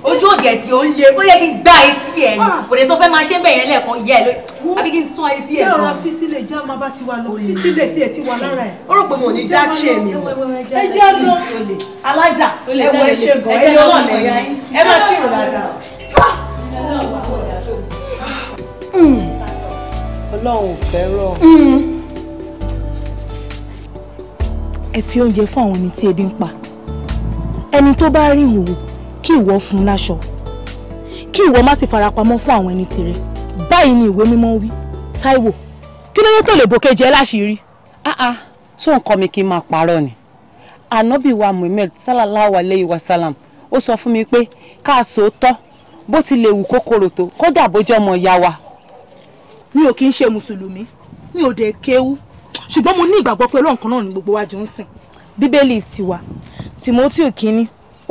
ojú òde tí ó ń le ó yẹ kí n gbá etí ẹ ní ah. òde tó fẹ́ máa ṣe bẹ́ẹ̀ yẹn lẹ́ẹ̀kan ìyá ẹ ló àbí kí n sún etí ẹ lọ. jẹ́rọ fi sílẹ̀ jẹ́ àmọ́ bá ti wà lọ fi sílẹ̀ tí ẹ ti wà lára ẹ̀. ó rò pé mo ní dá ṣe mi o ẹ jẹ́ lọ alájà ẹ wọ ẹṣẹ gan ẹ yọ ọ̀nà yẹn ẹ máa fi rò dáadáa. Hmm. ọlọ́run ò fẹ́ràn. Hmm ẹ fi oúnjẹ fún àwọn ẹni tí ebi ń pa ẹni tó bá rí ìhòòhò kí ìwọ fún un láṣọ kí ìwọ má sì farapamọ́ fún àwọn ẹni tirẹ̀ báyìí ni ìwé mímọ́ wí Táíwò kí ló dé tó lè bòkejì ẹ láṣìírí. tó nǹkan mi kí n máa parọ́ ni ànábì wa Muhammad sallallahu alayhi wa salam ó sọ fún mi pé káàsó tọ́ bó ti lè wù kókòrò tó kódà bójú ọmọ ìyá wa. mi ò kí ń ṣe mùsùlùmí mi ò dé kéwú ṣùgbọ́n mo ní ìgbàgbọ́ pé ọlọ́run kan náà ni gbogbo wa jọ ń sìn. bíbélì tiwa timoteo kínní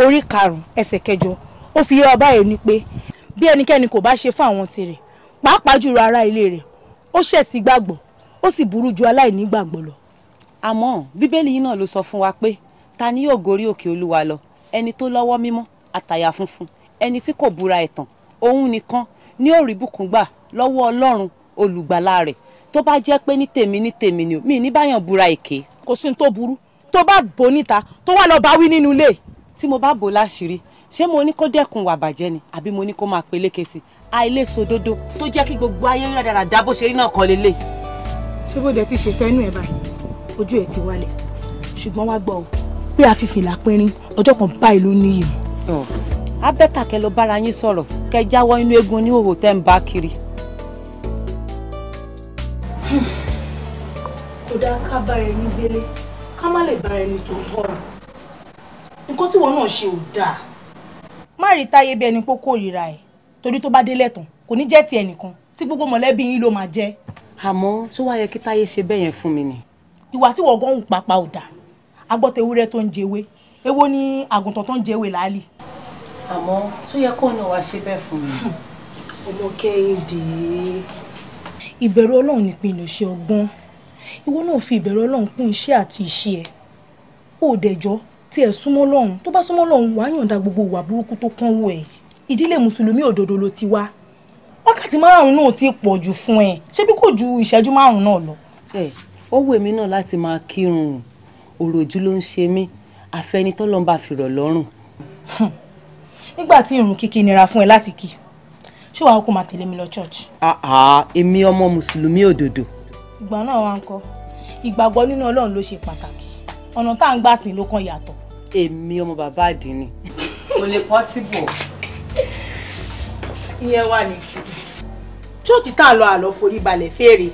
orí karùn-ún ẹsẹ̀ kẹjọ ó fi yé wa báyìí ni pé bí ẹnikẹ́ni kò bá ṣe fún àwọn tirẹ̀ pàápàá jùlọ ará ilé rẹ̀ ó ṣẹ̀ sí gbàgbọ́ ó sì burú ju aláìní gbàgbọ́ lọ. àmọ́ bíbélì yìí náà ló sọ fún wa pé ta ni yóò gorí òkè olúwa lọ ẹni tó lọ́wọ́ mímọ́ àtàyà funfun ẹni tí kò búra ẹ̀tàn òun nìkan ni ó rí bùkún gbà lọ́wọ́ ọlọ́run olùgbàlà rẹ̀ tó bá jẹ́ pé ní tèmi ní tèmi ni mi ní báyọ̀ búra èké kò sí ní tó burú tó bá bò níta tó wá lọ bá wí nínú ilé tí mo bá bò láṣìírí ṣé mo ní kó dẹ́kun wà bàjẹ́ ni àbí mo ní kó máa peléke sí àìlèsòdodo tó jẹ́ kí gbogbo ayé yàn dára dá bó ṣe rí náà kọ́ lélẹ̀. ṣé bó jẹ́ ti ṣe fẹ́ nú ẹ̀ báyìí ojú ẹ̀ ti wálẹ̀ ṣùgbọ́n wá gbọ́ ọ pé àfihàn lápẹ́rín ọjọ́ kan báyìí ló níyì. abẹ́tàkẹ́ lọ bára yín sọ̀rọ̀ kẹ́ jáwọ́ inú eegun oníhòòhò tẹ́ ń bá kiri tó dá ká bára ẹni gbélé ká má lè bára ẹni sòótọ́ ọ̀rọ̀ nǹkan tí wọn náà ṣe ò dáa má rí táyé bí ẹni pé kórìíra ẹ̀ torí tó bá dé lẹ́tàn kò ní jẹ́ ti ẹnìkan tí gbogbo mọ̀lẹ́bí yín ló máa jẹ́. àmọ́ tó wá yẹ kí táyé ṣe bẹ́ẹ̀ yẹn fún mi ni. ìwà tí wọ́n gọ́hùn pàápàá ò dáa agbọ́tẹ̀wúrẹ́ tó ń jẹwé èwo ni àgùntàn tó ń jẹwé láàlì. àmọ́ tó yẹ kó náà wá ṣe bẹ́ẹ̀ fún mi. ọmọ kẹ́hìndé ìbẹ̀rù ọlọ́run nípìnlẹ̀ ṣe ọgbọ́n ìwọ náà fi ìbẹ̀rù ọlọ́run kún iṣẹ́ àti iṣẹ́ ẹ̀ ó dẹjọ́ tí ẹ súnmọ́ lọ́run tó bá súnmọ́ lọ́run wàá yọ̀ǹda gbogbo ìwà burúkú tó kán wọ ẹ̀ ìdílé mùsùlùmí òdodo ló ti wá wákàtí márùn-ún náà ti pọ̀ jù fún ẹ ṣebí kò ju ìṣẹ́jú márùn-ún náà lọ. ẹ ó wù mí náà láti máa kírun òròjú ló ń ṣe mí àfẹnitọ́lọ́n bá fìrọ̀ lọ́rùn. nígbà tí irun kíkí nira fún ẹ láti kí ṣé wàá kó máa tẹ̀lé mi lọ church ìgbà náà wà ń kọ́ ìgbàgbọ́ nínú ọlọ́run ló ṣe pàtàkì ọ̀nà tá à ń gbà sìn ló kàn yàtọ̀. èmi ọmọ bàbá àdínní o lè pọ́síbù ìyẹn wà ní kí. chọ́ọ̀chì tá a lọ àlọ́ forí balẹ̀ fèrè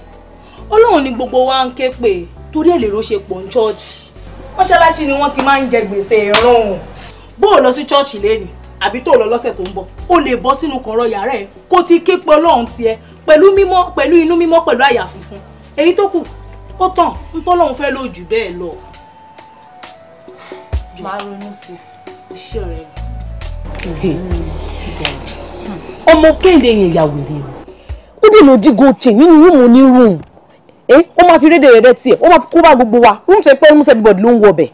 ọlọ́run ni gbogbo wa ń ké pè torí èlè ló ṣe pọ̀ ní chọ́ọ̀chì mọ́ṣáláṣí ni wọ́n ti máa ń jẹ gbèsè ìrún bó o lọ sí chọ́ọ̀chì lẹ́yìn àbí tó o lọ lọ́sẹ̀ tó ń bọ̀ o lè bọ́ sínú kọ̀ọ̀rọ̀ yàrá ẹ̀ kó o ti ké pe ọlọ́run tiẹ̀ pẹ̀lú inú mímọ́ pẹ̀lú àyà funfun èyí tó kù ó tàn ń tọ́lọ́hún fẹ́ lò jù bẹ́ẹ̀ lọ. máa ronú sí iṣẹ́ rẹ. ọmọ kéde yẹn ìyàwó rẹ o ó dè lọ dí gold chain nínú rúùmù ní rúùmù ẹ ó máa fi rédè rẹ̀ tiẹ̀ ó máa fi kó bá gbogbo wa rúùmù tó ẹ pé rúùmù sẹ́ẹ̀dì bọ̀dì ló ń wọ bẹ̀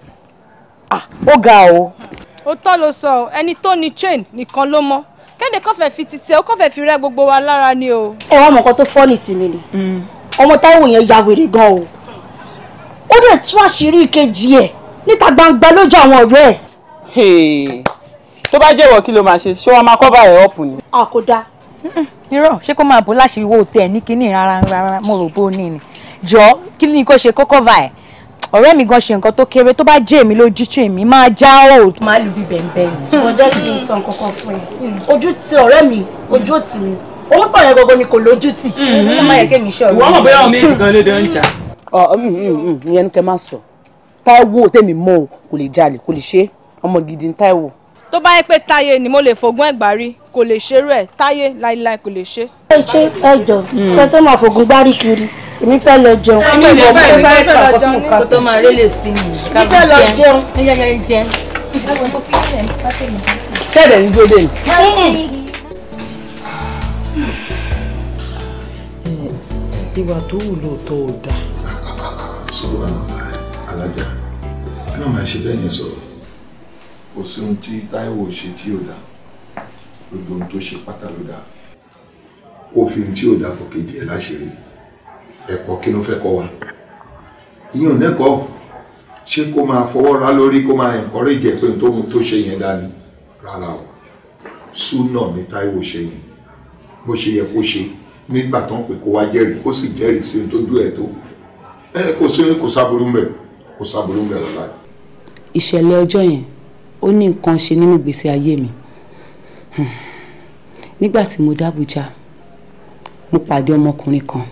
ah, ó ga o. ó tọ́ ló sọ ẹni tó ní chain nìkan ló mọ̀ kéde kọ́fẹ́ fi titi ẹ ó kọ́fẹ́ fi rẹ́ gbogbo wa lára ni o. ẹ wá mọ̀ nǹkan tó fọ́ ní tìmí ọmọ táwọn èèyàn ya wèrè gan o ó dẹ̀ tú àṣírí ìkejì ẹ̀ níta gbangba lójú àwọn ọ̀rẹ́ ẹ̀. tó bá jẹ́wọ́ kí ló máa ṣe ṣé wọ́n máa kọ́ báyọ̀ ọ̀pù ni. a kò dáa. irọ́ ṣé kó máa bó láṣìírí wo tẹ̀ ní kínní rárá rárá mo rò bó ní ni jọ kí ni kò ṣe kọ́kọ́ bá ẹ̀ ọ̀rẹ́ mi gan ṣe nǹkan tó kéré tó bá jẹ́ èmi lójú tí èmi máa já ò. máa lù bí bẹ̀ǹbẹ̀ ni. mo jẹ́ sọ nǹkan kan fún ẹ ojú ti ọ̀rẹ́ mi ojú ò tì ó ń tọ̀yẹ̀ gbogbo ni kò lójú tì. ó mm-hmm. má yẹ kémi ṣọ̀rọ̀. ìwọ́n mọ̀ bóyá omi ìdìgan ló dé oúnjẹ. Mm, mm, mm, ìyẹn ni kẹ máa sọ Táíwò tèmi mọ̀ o kò lè jalè kò lè ṣe ọmọ gidi ni Táíwò. tó bá yẹ pé Táyé ni mo lè fògùn ẹ̀gbá rí kò lè ṣerú ẹ̀ Táyé láíláí kò lè ṣe. ẹ ṣe ẹjọ pé tó máa fògùn gbárí kiri èmi fẹ́ lọ jẹun. èmi fẹ́ lọ jẹun kó tó máa rélè sí mi. èmi lọ jẹun. kẹ́ẹ̀dẹ̀ ń gbé dé ìwà tó wù lóòótọ́ ò dáa. sọ̀rọ̀ àmàmà rẹ̀ alájà kí ló máa ṣe bẹ́ẹ̀ yẹn sọ̀rọ̀ kò sí ohun tí Táíwò ṣe tí ò dáa gbogbo ohun tó ṣe pátá ló dáa kó fi ohun tí ò dáa pọ̀ kejì ẹ̀ láṣìírí ẹ̀kọ́ kí ló fẹ́ kọ́ wa ìyẹn ò nẹ́kọ̀ọ́ ṣé kó máa fọwọ́ ra lórí kó máa encourage pé ohun tó ṣe yẹn dáa ni rárá o súnà ní Táíwò ṣe yẹn bó ṣe yẹ kó ṣe nígbà tó ń pè kó wá jẹ́rìí kó sì jẹ́rìí sí tójú ẹ̀ tó ẹ kò sí kò sábúrú mbẹ kò sábúrú mbẹ lọ́la. ìṣẹ̀lẹ̀ ọjọ́ yẹn ó ní nǹkan ṣe nínú ìgbésí ayé mi hmm. nígbà tí mo dábùjá mo pàdé ọmọkùnrin kan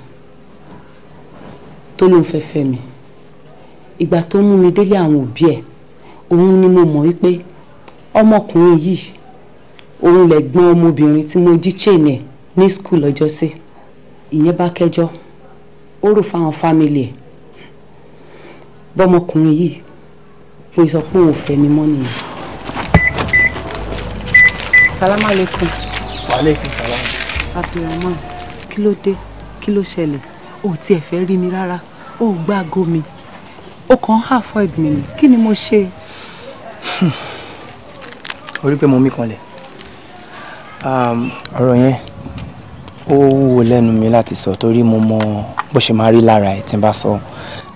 tó ló ń fẹ́ mi ìgbà tó mú mi délé àwọn òbí ẹ̀ òun ni mo mọ̀ wípé ọmọkùnrin yìí òun lẹ̀gbọ́n ọmọbìnrin tí mo jí chain ẹ̀ ní skul ọjọ́ sí. Si ìyẹn bá kẹjọ ó rò fáwọn fámìlì ẹ̀ bọ́mọkùnrin yìí mo sọ pé òun ò fẹ́ mi mọ́ nìyẹn. salamu aleykum. wa aleykum salam. abdulrahman kí ló dé kí ló ṣẹlẹ̀ o ò tiẹ̀ fẹ́ rí mi rárá o ò gbá aago mi o kàn ń hà fún ẹ̀gbìn mi kí ni mo ṣe. orí pé mo mí kanlẹ̀ ọ̀rọ̀ yẹn ó wúwo lẹ́nu mi láti sọ torí mo mọ bó ṣe máa rí lára ẹ̀ tí n bá sọ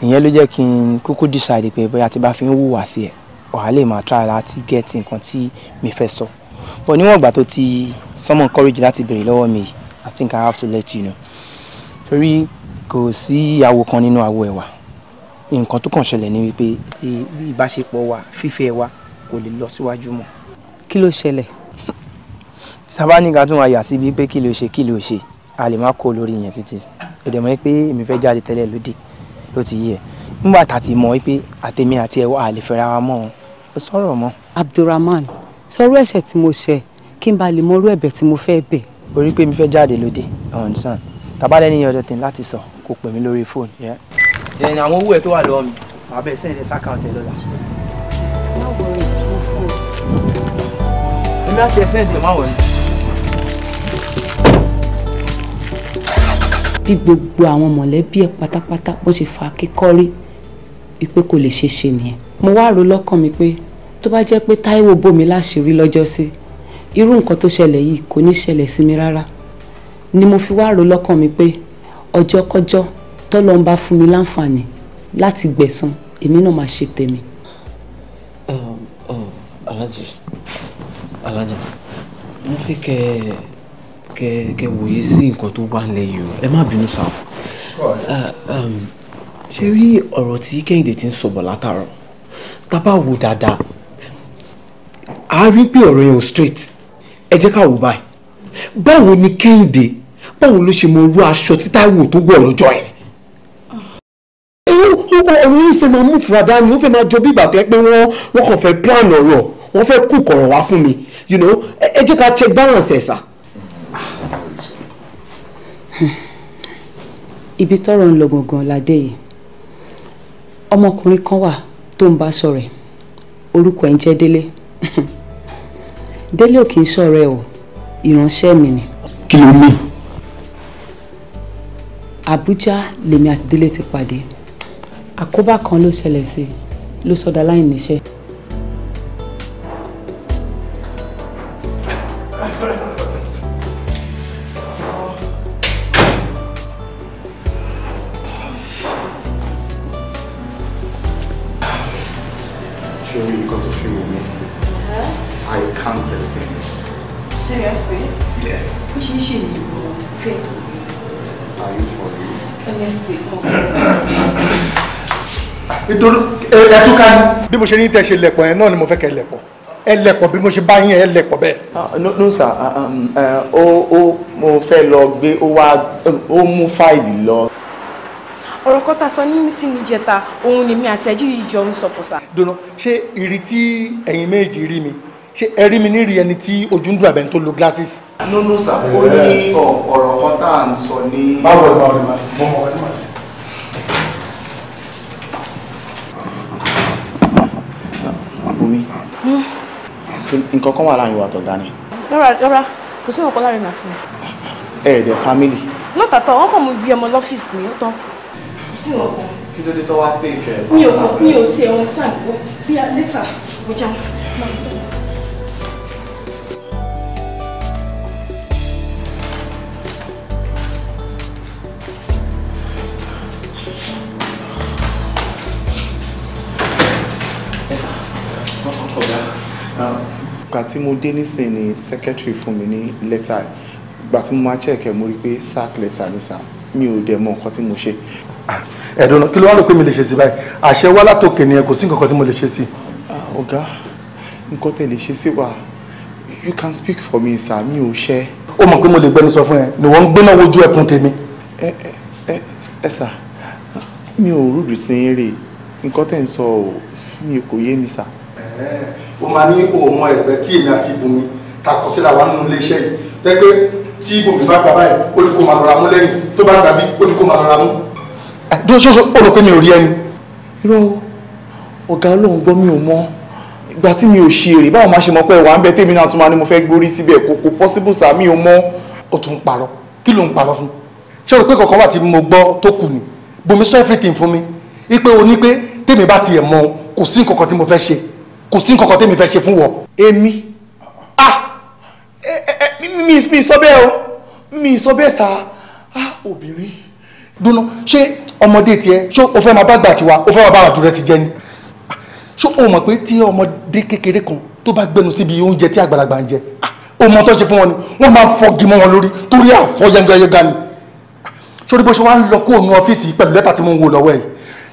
ìyẹn ló jẹ́ kí n kúkú decide pé bóyá tí bá fi ń wùwà sí ẹ̀ wàá lè máa try láti get nǹkan tí mi fẹ́ sọ but níwọ̀n ìgbà tó ti someone encourage láti béèrè lọ́wọ́ mi I think I have to let you know torí kò sí àwo kan nínú àwo ẹ̀wà nǹkan tó kàn ṣẹlẹ̀ ni wípé ìbáṣepọ̀ wa fífẹ́ wa kò lè lọ síwájú mọ́. kí ló ṣẹlẹ̀? Sabani ká tún máa yà síbi pé kí ló ṣe kí ló ṣe a lè má kó lórí yẹn títí èdè mọ́ pé èmi fẹ́ jáde tẹ́lẹ̀ lódì ló ti yẹ nígbà tá a ti mọ̀ pé àtẹ̀mí àti ẹ̀wọ́ a fẹ́ra wa mọ́ wọn ó sọ̀rọ̀ mọ́. Abdulrahman sọ̀rọ̀ ẹ̀ṣẹ̀ tí mo ṣẹ̀ kí n ba lè mọrú ẹ̀bẹ̀ tí mo fẹ́ bẹ̀. orí pé mi fẹ́ jáde lóde ọ̀hún sàn tabalẹ̀ ní ọjọ́ tẹ̀lé láti sọ kò pè mí lórí fóònù. dẹ̀yìn àwọn owó ẹ̀ tó wà lọ́wọ́ mi àbẹ̀ sẹ́yìn lẹ́sà káwọ́tẹ̀ lọ́la. má wọrí ìlú ẹ̀ sẹ́yìn dè má wọrí. bí gbogbo àwọn mọ̀lẹ́bí ẹ̀ pátápátá bó ṣe fa kíkọ́rí wípé kò lè ṣeé ṣe nìyẹn. mo wá rò lọ́kàn mi pé tó bá jẹ́ pé Táíwò bòmí láṣìírí lọ́jọ́ sí irú nǹkan tó ṣẹlẹ̀ yìí kò ní ṣẹlẹ̀ sí mi rárá ni mo fi wá rò lọ́kàn mi pé ọjọ́ kọjọ́ tọ́lọ́run bá fún mi láǹfààní láti gbẹ̀san èmi náà máa ṣe tèmi. alájì alájà mo fẹ́ kẹ́ ẹ kẹ kẹ wòye sí nǹkan tó wà nílẹ̀ yìí o ẹ má bínú sáà ah, um, ṣe rí ọ̀rọ̀ tí Kẹ́hìndé ti ń sọ̀bọ̀ látàárọ̀ tá bá wò dáadáa a rí pé ọ̀rọ̀ yẹn ò straight ẹ jẹ́ ká wò báyìí báwo ni Kẹ́hìndé báwo ló ṣe mọ irú aṣọ tí Táíwò tó wọ̀ lọ́jọ́ yẹn ọ̀rọ̀ yìí fẹ́ máa mú fura dání ó fẹ́ máa jọ bí ìgbà tẹ́ pé wọ́n wọ́n kàn fẹ́ plan ọ̀rọ̀ wọ́n fẹ́ kú kọ̀rọ̀ wá fún mi you know ẹ jẹ́ ká check balance ẹ̀ sà ibi tọ́rọ̀ ń lọ gangan ládé yìí ọmọkùnrin kan wà tó ń bá sọ̀rọ̀ orúkọ ẹ̀ ń jẹ́ délé délé ò kì í sọ̀rọ̀ ẹ̀ o ìránṣẹ́ mi ni. kí ló mú. Àbújá lèmi àti délé ti pàdé àkóbá kan ló ṣẹlẹ̀ sí ló sọdá láì níṣẹ́. nǹkan tó fi wò mí. I can't explain it. Seriously? Yeah. Which ṣe é ṣe mi Are you for me? Honestly, *coughs* nítorí ẹ tún ká ní. bí mo ṣe ní tẹ ṣe lẹ̀pọ̀ yẹn náà ni mo fẹ́ kẹ́ lẹ̀pọ̀ ẹ lẹ̀pọ̀ bí mo ṣe bá yín ẹ lẹ̀pọ̀ bẹ́ẹ̀. Ah, no sir o ah, um, eh, ó mo fẹ́ lọ gbé o wá o mú fáìlì lọ ọ̀rọ̀ kọ́ta sọ ní mísì níjẹta òun ni mi àti ẹjú yìí jọ ń sọ pọ̀sà. dùnà ṣé ìrì tí ẹ̀yin méjì rí mi ṣé ẹ rí mi nírì ẹni tí ojú ń dùn àbẹ̀ tó lo glasses. nínú sàkó ní ọ̀rọ̀ kan tá à ń sọ ní. báwo ni báwo ni mo mọ ọkọ tí màá ṣe. omi hmm? nǹkan kan wà láàrin wa àtọ̀gá ni. lọ́ra lọ́ra kò sí ọ̀pọ̀ láàrin màsí mi. ẹ̀ẹ́dẹ̀ family. lọ́tàtọ̀ wọn kàn mú ibi ọmọ lọ́fíìsì ní ó tán tí wọ́n tán. kí ló dé tó wá tẹ̀ kẹ́ ẹ̀. mi ò kọ mi ò tiẹ̀ wọn sáà gbọ́ bí i later mo mo dé nísìn ni secretary fún mi ní lẹ́tà gbà tí mo máa check ẹ̀ mo rí pé sack lẹ́tà ní sá mi ò dẹ̀ mọ nǹkan tí mo ṣe Ah, ẹ̀dùn náà kí ló wá rò pé mi lè ṣe sí báyìí àṣẹ wá látòkè ni ẹ kò sí nǹkan kan tí mo lè ṣe sí. Ah, ọ̀gá nǹkan tẹ̀ lè ṣe sí wa you can speak for me sir mi ò ṣe. ó mọ̀ pé mo lè gbẹnu sọ fún ẹ ni wọ́n ń gbéná wojú ẹkùn tèmi. ẹ ẹ ẹ sà mi ò rúdù sí í rè nǹkan tẹ̀ ń sọ ò mi kò yé mi sà. ó máa ní òmò ẹ̀gbẹ́ tí èmi àti ibùnmi ta kọ síra wa nínú iléeṣẹ́ yìí pé tí ibùnmi bá gbà báyìí ó dúróṣóṣó ó rò pé mi ò rí ẹni irọ́ ọ̀gá ọlọ́run gbọ́ mi ò mọ ìgbà tí mi ò ṣe èrè báwo máa ṣe mọ̀ pé ẹ̀wà ń bẹ tèmi náà tún máa ní mo fẹ́ gbórí síbẹ̀ kò kò possible sá mi ò mọ ó tún ń parọ́ kí ló ń parọ́ fún ṣé o rò pé kọ̀ọ̀kan wà tí mo gbọ́ tó kù ni bomi sọ everything fún mi ipe o ní pé tèmi bá tiẹ̀ mọ kò sí nǹkan kan tí mo fẹ́ ṣe kò sí nǹkan kan tèmi fẹ́ ṣe fún wọ. èmi ah eh, eh, eh, mi mi sọ bẹ́ẹ̀ o mi sọ bẹ́ẹ̀ sá ah obìnrin dúnà ṣé ọmọdé tiẹ̀ ṣé o fẹ́ máa bá gbà tiwa o fẹ́ máa bá àwọn àdúrẹ́sì jẹ ni ṣé o mọ̀ pé tí ọmọdé kékeré kan tó bá gbẹnu síbi oúnjẹ tí àgbàlagbà ń jẹ o mọ̀ tó ṣe fún wọn ni wọ́n máa ń fọ́gi mọ́ wọn lórí torí àfọ́ yangayanga ni sórí bó ṣe wá ń lọ kó òun ọ́fíìsì pẹ̀lú lẹ́tà tí mo ń wo lọ́wọ́ yìí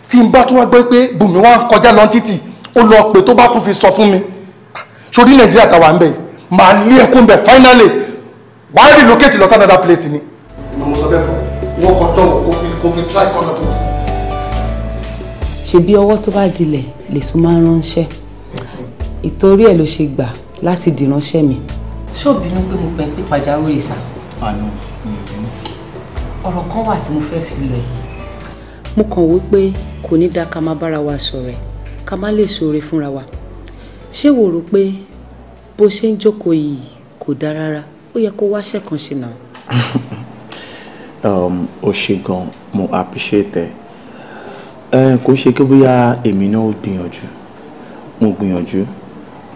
tí n bá tún wá gbé pé bùnmi wá ń kọjá lọ títì ó lọ pé tó bá tún fi sọ fún mi sórí nàìjíríà táwa ń bẹ̀ màá lé ẹkún bẹ̀ finally wàá relocate lọ sí another place ni. ìmọ̀ mo sọ bẹ́ẹ̀ fún mi wọ́n kàn dánwò kó fi kó fi try kọ́nà tó. ṣebí ọwọ́ tó bá dilẹ̀ lèso máa ń ránṣẹ́ ìtorí ẹ̀ ló ṣe gbà láti dìránṣẹ́ mi. ṣé ò bínú pé mo pẹ́ pé pàjáwìrì sá. àná ah, ọ̀rọ̀ kan wà tí mo fẹ́ fi lọ yìí. mo kàn wí pé kò ní dáa ká má bára wa ṣọ̀rẹ́ ká má lè ṣoore fúnra wa ṣé wò rò pé bó ṣe ń jókòó yìí kò dáa rárá ó yẹ kó wáṣẹ́ kan ṣe náà. *laughs* um, o ṣe gan mo appreciate ẹ kò ṣe kí bóyá èmi náà gbìyànjú mo gbìyànjú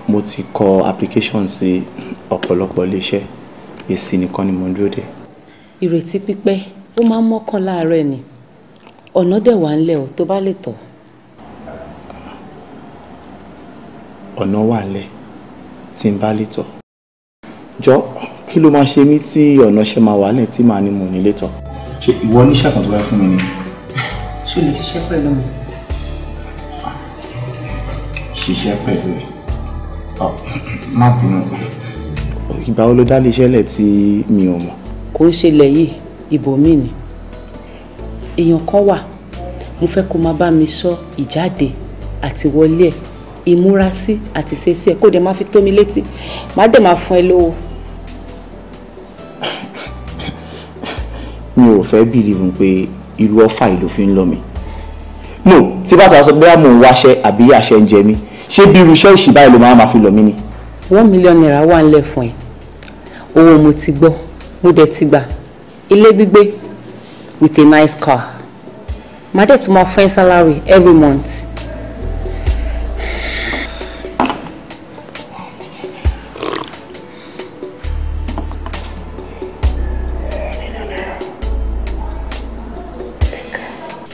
mo ti kọ application sí ọ̀pọ̀lọpọ̀ iléeṣẹ́ èsì nìkan ni mo ń dúró dè. ìrètí pípẹ́ ó máa ń mọ́kàn láàárọ̀ ẹ̀ ni ọ̀nà dẹ̀ wà ńlẹ̀ o tó bá lè tọ̀. ọ̀nà wà ńlẹ̀ tí n bá lè tọ̀ jọ́ kí ló máa ṣe mí tí ọ̀nà ṣe máa wálẹ̀ tí màá ní mò ní létọ̀. ṣe ìwọ níṣẹ́ kan tó wáyé fún mi ni. ṣé o lè ṣiṣẹ́ pẹ̀lú mi. ṣiṣẹ́ pẹ̀lú ẹ̀ má bínú. ìgbà wo ló dá lè ṣẹlẹ̀ tí mi ò mọ̀. kò ń ṣẹlẹ̀ yìí ibòmíì ni èèyàn kan wà mo fẹ́ kó máa bá mi sọ ìjáde àti wọlé ẹ̀ ìmúrasí àti ṣeéṣe ẹ̀ kó dẹ̀ máa fi tó mi létí màá dẹ̀ máa fún ẹ lówó. mi ò fẹ́ bìlìvù pé irú ọ̀fà yìí ló fi ń lọ mi no tí bá sọ pé mò ń wáṣẹ́ àbí àṣẹ ń jẹ mí ṣé bí irú iṣẹ́ òṣì báyìí ló máa ma fi lọ mí ni. one million naira wà ńlẹ̀ fún ẹ owó mo ti gbọ́ mo dẹ̀ ti gbà ilé gbígbé with a nice car My dẹ̀ tún máa salary every month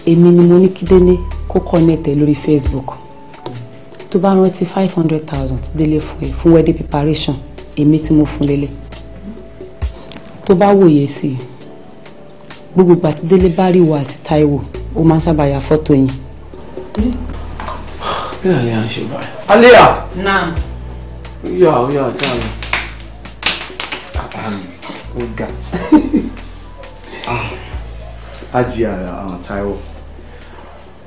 èmi ni mo ní kí délé kó connect lórí facebook tó bá rántí five hundred thousand délé fún ẹ fún wedding preparation èmi tí mo fún lélẹ̀ tó bá wòye sí i gbogbo ìgbà tí délé bá rí ìwà àti táíwò ó máa ń sábà ya fọ́tò yín. bí àlẹ́ à ń ṣe naam. yà ó yà ọjà mi. ó ga. a jí ara àwọn Taiwo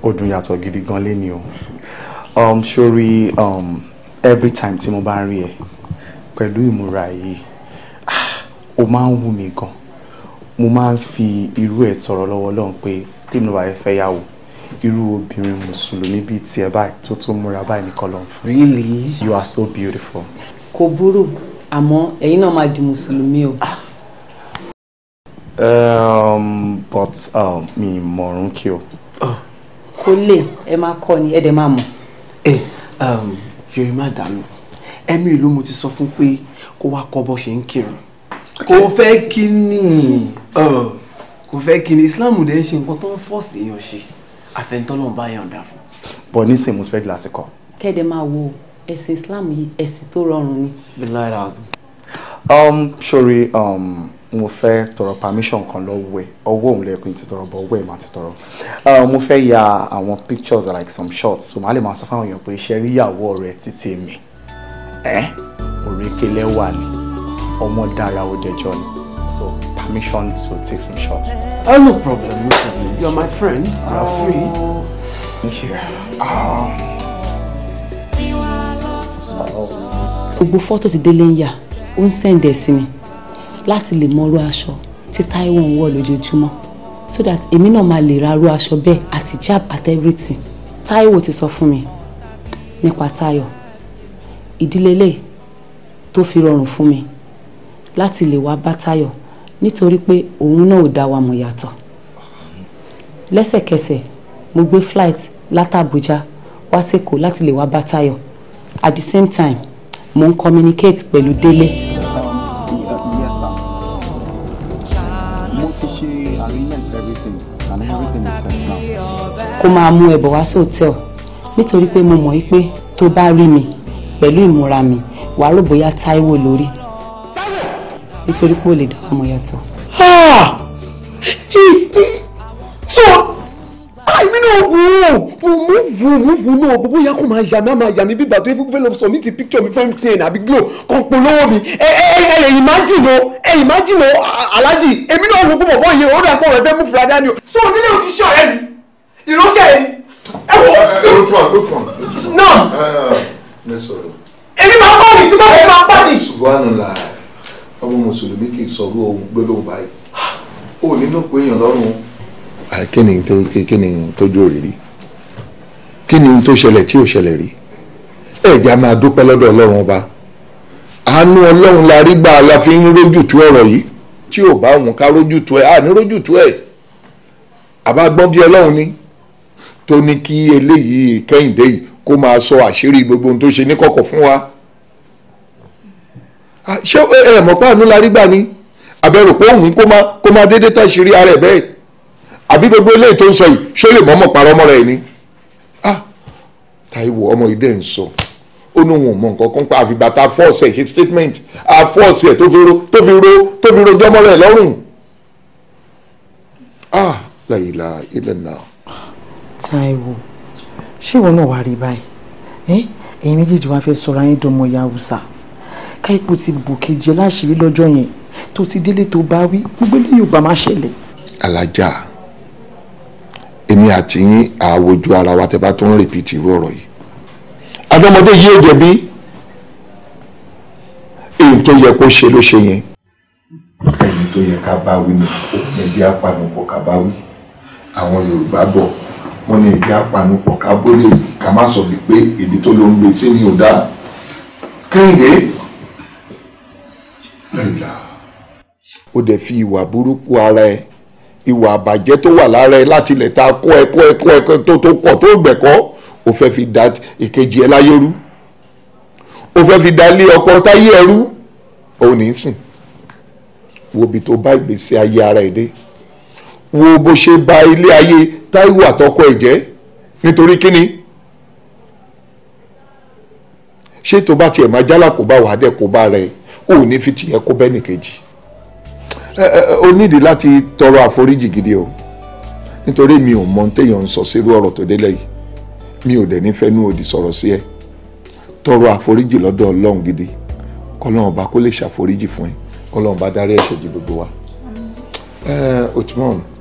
ó yàtọ̀ gidi gan lẹ́ni o um, sori um, every time tí mo bá ń rí ẹ pẹ̀lú ìmúra yìí ah, ó máa ń wù mí gan mo máa ń fi irú ẹ̀ tọrọ lọ́wọ́ lọ́hùn pé tèmi ló bá yẹ fẹ́ yàwó irú obìnrin mùsùlùmí bíi tiẹ̀ báyìí tó tún múra báyìí nìkan lọ́hùn fún. really you are so beautiful. kò burú àmọ́ ẹ̀yin náà máa di mùsùlùmí o. Ah. um, but um, mi ìmọ̀ràn kí o. Oh kó lè ẹ máa kọ́ ni ẹ dẹ̀ máa mọ̀. ẹ eh, um, yorùbá má dànù ẹmí ìlú mo ti sọ fún pé kó wá kọ́ bó ṣe ń kírun kò fẹ́ kí ni uh, kò fẹ́ kí ni islam dẹ̀ ń ṣe nǹkan tó ń fọ́ọ̀sì èèyàn ṣe àfẹnitọ́lọ́run bá yàn dà fún. bọ̀ nísìnyí mo fẹ́ di láti kọ́. kẹ́ẹ̀dẹ̀ máa wo ẹ̀sìn islam yìí ẹ̀sìn tó rọrùn ni. bí láìra ọ̀sìn. sori mo fẹ́ tọrọ permission kan lọ́wọ́ ẹ̀ ọwọ́ òun lẹ́kùn ti tọrọ bọ̀ ọwọ́ ẹ̀ máa ti tọrọ ah, mo fẹ́ ya àwọn pictures like some shots so màá lè máa sọ fáwọn èèyàn pé iṣẹ́ rí ìyàwó rẹ̀ títí mi ẹ́ eh? òrékelẹ́ wà ní ọmọ dára ó jẹjọ́ ni so permission to take some shots. oh no problem no problem you are my friend you are oh. free. thank you. Ah. gbogbo fọ́tò tí délé ń yà ó ń sẹ́ǹdẹ̀ sí mi láti lè mọrú aṣọ tí Táíwò ń wọ̀ lójoojúmọ́ so that èmi náà máa lè rarú aṣọ bẹ́ẹ̀ àti jab at everything Táíwò ti sọ fún mi nípa Táyọ̀ ìdílé lè tó fi rọrùn fún mi láti lè wá bá Táyọ̀ nítorí pé òun náà ò dá wa mọ̀ yàtọ̀ lẹ́sẹ̀kẹsẹ̀ mo gbé flight látàbújá wá sẹ́kọ̀ọ́ láti lè wá bá Táyọ̀ at the same time mo ń communicate pẹ̀lú Délé. kó máa mú ẹbọ wá sóòtẹ́ọ̀ nítorí pé mo mọ̀ pé tó bá rí mi pẹ̀lú ìmúra mi wàá rò bóyá Táíwò lórí nítorí pé ó lè dá ọmọ yàtọ̀. so àìmí náà wò ó mo wò mo wò náà bó bóyá kó máa yà mí máa yà mí bí bàtọ́ ìfúnfún fẹ́ lọ sọ mi ti picture mi fẹ́ẹ́ tiẹ̀ àbí glo kan polówó mi ẹ ẹ ẹ ẹ imagine o ẹ imagine o alájì èmi náà wò ó bọ̀ bọ́ yẹn ó dà pọ̀ rẹ̀ fẹ́ mú fúradá ni o so onílé òkìṣẹ́ ọ̀rẹ́ mi ìránṣẹ́ yìí. ẹ wo look one look one. náà eh, eh, eh, èmi máa ń pàdé tí bàbá yẹn máa ń pàdé. ṣùgbọ́n la ọmọ mùsùlùmí kì í sọ̀rọ̀ ohun gbólóhùn báyìí ó nínú pé èèyàn lọ́rùn. kíni tó kíni tó jó rírí kíni tó ṣẹlẹ̀ tí ò ṣẹlẹ̀ rí ẹ̀já máa dúpẹ́ lọ́dọ̀ ọlọ́run ọba àánú ọlọ́run la rí gbà la fi ń rójútu ọ̀rọ̀ yìí tí ò bá òun ká rójútu ẹ̀ àní rójútu ẹ̀ àbá gbọ́n bí ọlọ́run ni tó ní kí eléyìí kẹ́hìndé yìí kó máa sọ àṣírí gbogbo ohun tó ṣe níkọ̀kọ̀ fún wa ṣé ẹ mọ̀ pé àánú la rí gbà ni àbẹ̀rò pé òun kó máa dédé tàṣírí ara ẹ̀ bẹ́ẹ̀ àbí gbogbo eléyìí tó ń sọ yìí ṣó lè mọ̀ọ́mọ̀ parọ́ mọ́ra ẹ̀ ni ah Táíwò ọmọ ìdẹ́ ń sọ ó ní òun mọ nǹkan kan pa àfìgbà tá a fọ́ọ̀sì ẹ̀ ṣe statement a fọ́ọ̀sì ẹ̀ tó fi ro tó fi ro tó fi ro jọmọ́ rẹ̀ lọ́rùn ah láyìí la ilẹ̀ náà. Táíwò ṣé ìwọ náà wàá rí báyìí ẹ̀yin méjèèjì wàá fẹ́ sọ̀rọ̀ ayé dọmọ ìyá haúsá káyipò ti bò kejì láṣìírí lọ́jọ́ yẹn tó ti délé tó bá wí gbogbo eléyìí ò bá má ṣẹlẹ̀. alájà èmi àti yín àwòjú ara wa tẹ́ bá tó ń rèpìtì irú ọ̀rọ̀ yìí adọmọdé yìí ò jẹ̀bi èyí tó yẹ kó ṣe ló ṣe yẹn ẹni tó yẹ ká bá wí ni òun yẹ apanupọ̀ ká bá wí àwọn Yorùbá bọ̀ wọ́n ní ìdí apanupọ̀ ká bólè ká má sọ wípé èdè tó ló ń gbé tí ni ò dáa kẹ́hìndé lẹ́yìnlá. ó dẹ̀ fi ìwà burúkú ara ẹ ìwà àbàjẹ́ tó wà lára ẹ láti ilẹ̀ ta kọ́ ẹ kọ́ ẹ kọ́ ẹ tó tó kọ̀ tó gbẹ̀kọ́ ó fẹ́ fi da èkejì ẹ láyé rú ó fẹ́ fi da ilé ọkọ táyé ẹ rú òun ní í sìn wo ibi tó bá ìgbésí ayé ara ẹ dé wo bó ṣe ba ilé ayé Táíwò àtọkọ ẹ̀ jẹ́ nítorí kíni ṣé tó bá tiẹ̀ máa jálà kó bá wàá dẹ̀ kó bá rẹ̀ ò ní fi tiẹ̀ kó bẹ́ẹ̀ nìkejì o nídìí láti tọrọ àforíjì gidi o nítorí mi ò mọ téèyàn ń sọ sírú ọ̀rọ̀ tó délẹ̀ yìí mi ò dẹ̀ ní fẹ́nu òdì sọ̀rọ̀ sí ẹ tọrọ àforíjì lọ́dọ̀ Ọlọ́run gidi kọ́lọ́run ọba kó lè ṣàforíjì fún ẹ kọ́lọ́run bá dárí ẹ̀ṣẹ̀ jì gbogbo wa. Otmon. Uh,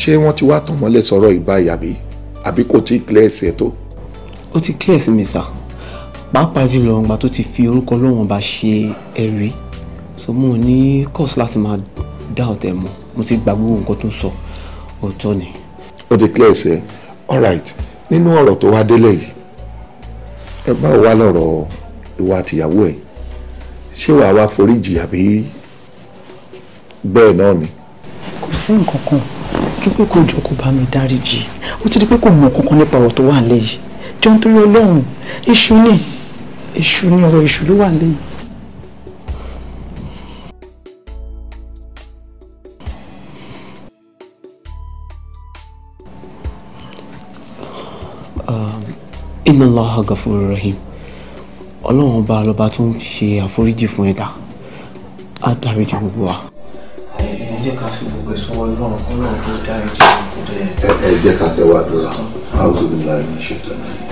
ṣé wọ́n ti wá tàn mọ́lẹ̀ sọ̀rọ̀ ìbáyìí àbí àbí kò tí ì clear ẹsẹ̀ tó. ó ti clear sí mi sà pàápàá jùlọ ọgbà tó ti fi orúkọ lọ́wọ́n bá ṣe ẹ̀rí so mo ní course láti máa dá ọ̀tẹ̀ mọ́ mo ti gba gbogbo nǹkan tó ń sọ òótọ́ ni. ó ti clear ẹsẹ̀ all right nínú ọ̀rọ̀ tó wá délẹ̀ yìí ẹ bá wa lọ́rọ̀ ìwà àtìyàwó ẹ̀ ṣé wàá wá foríjì àbí bẹ́ẹ̀ náà ni. kò sí nǹkan kan jọ pé kò jọ kó bá mi dáríjì ó ti di pé kò mọ kankan nípa ọ̀rọ̀ tó wà nílẹ̀ yìí jọ nítorí ọlọ́run èṣù ni èṣù ni ọ̀rọ̀ èṣù ló wà nílẹ̀ yìí. inna Allah, gafuru rahim ọlọ́run ọba lọ́ba tó ń ṣe àforíjì fún ẹ̀dá á dáríjì gbogbo wa jẹ́ ká fi gbogbo ẹ̀sùn wọ inú ọ̀rọ̀ tó dárí jẹ́ kó ẹ jẹ́ ká tẹ wá dúrà áwùjọ mi láì náà.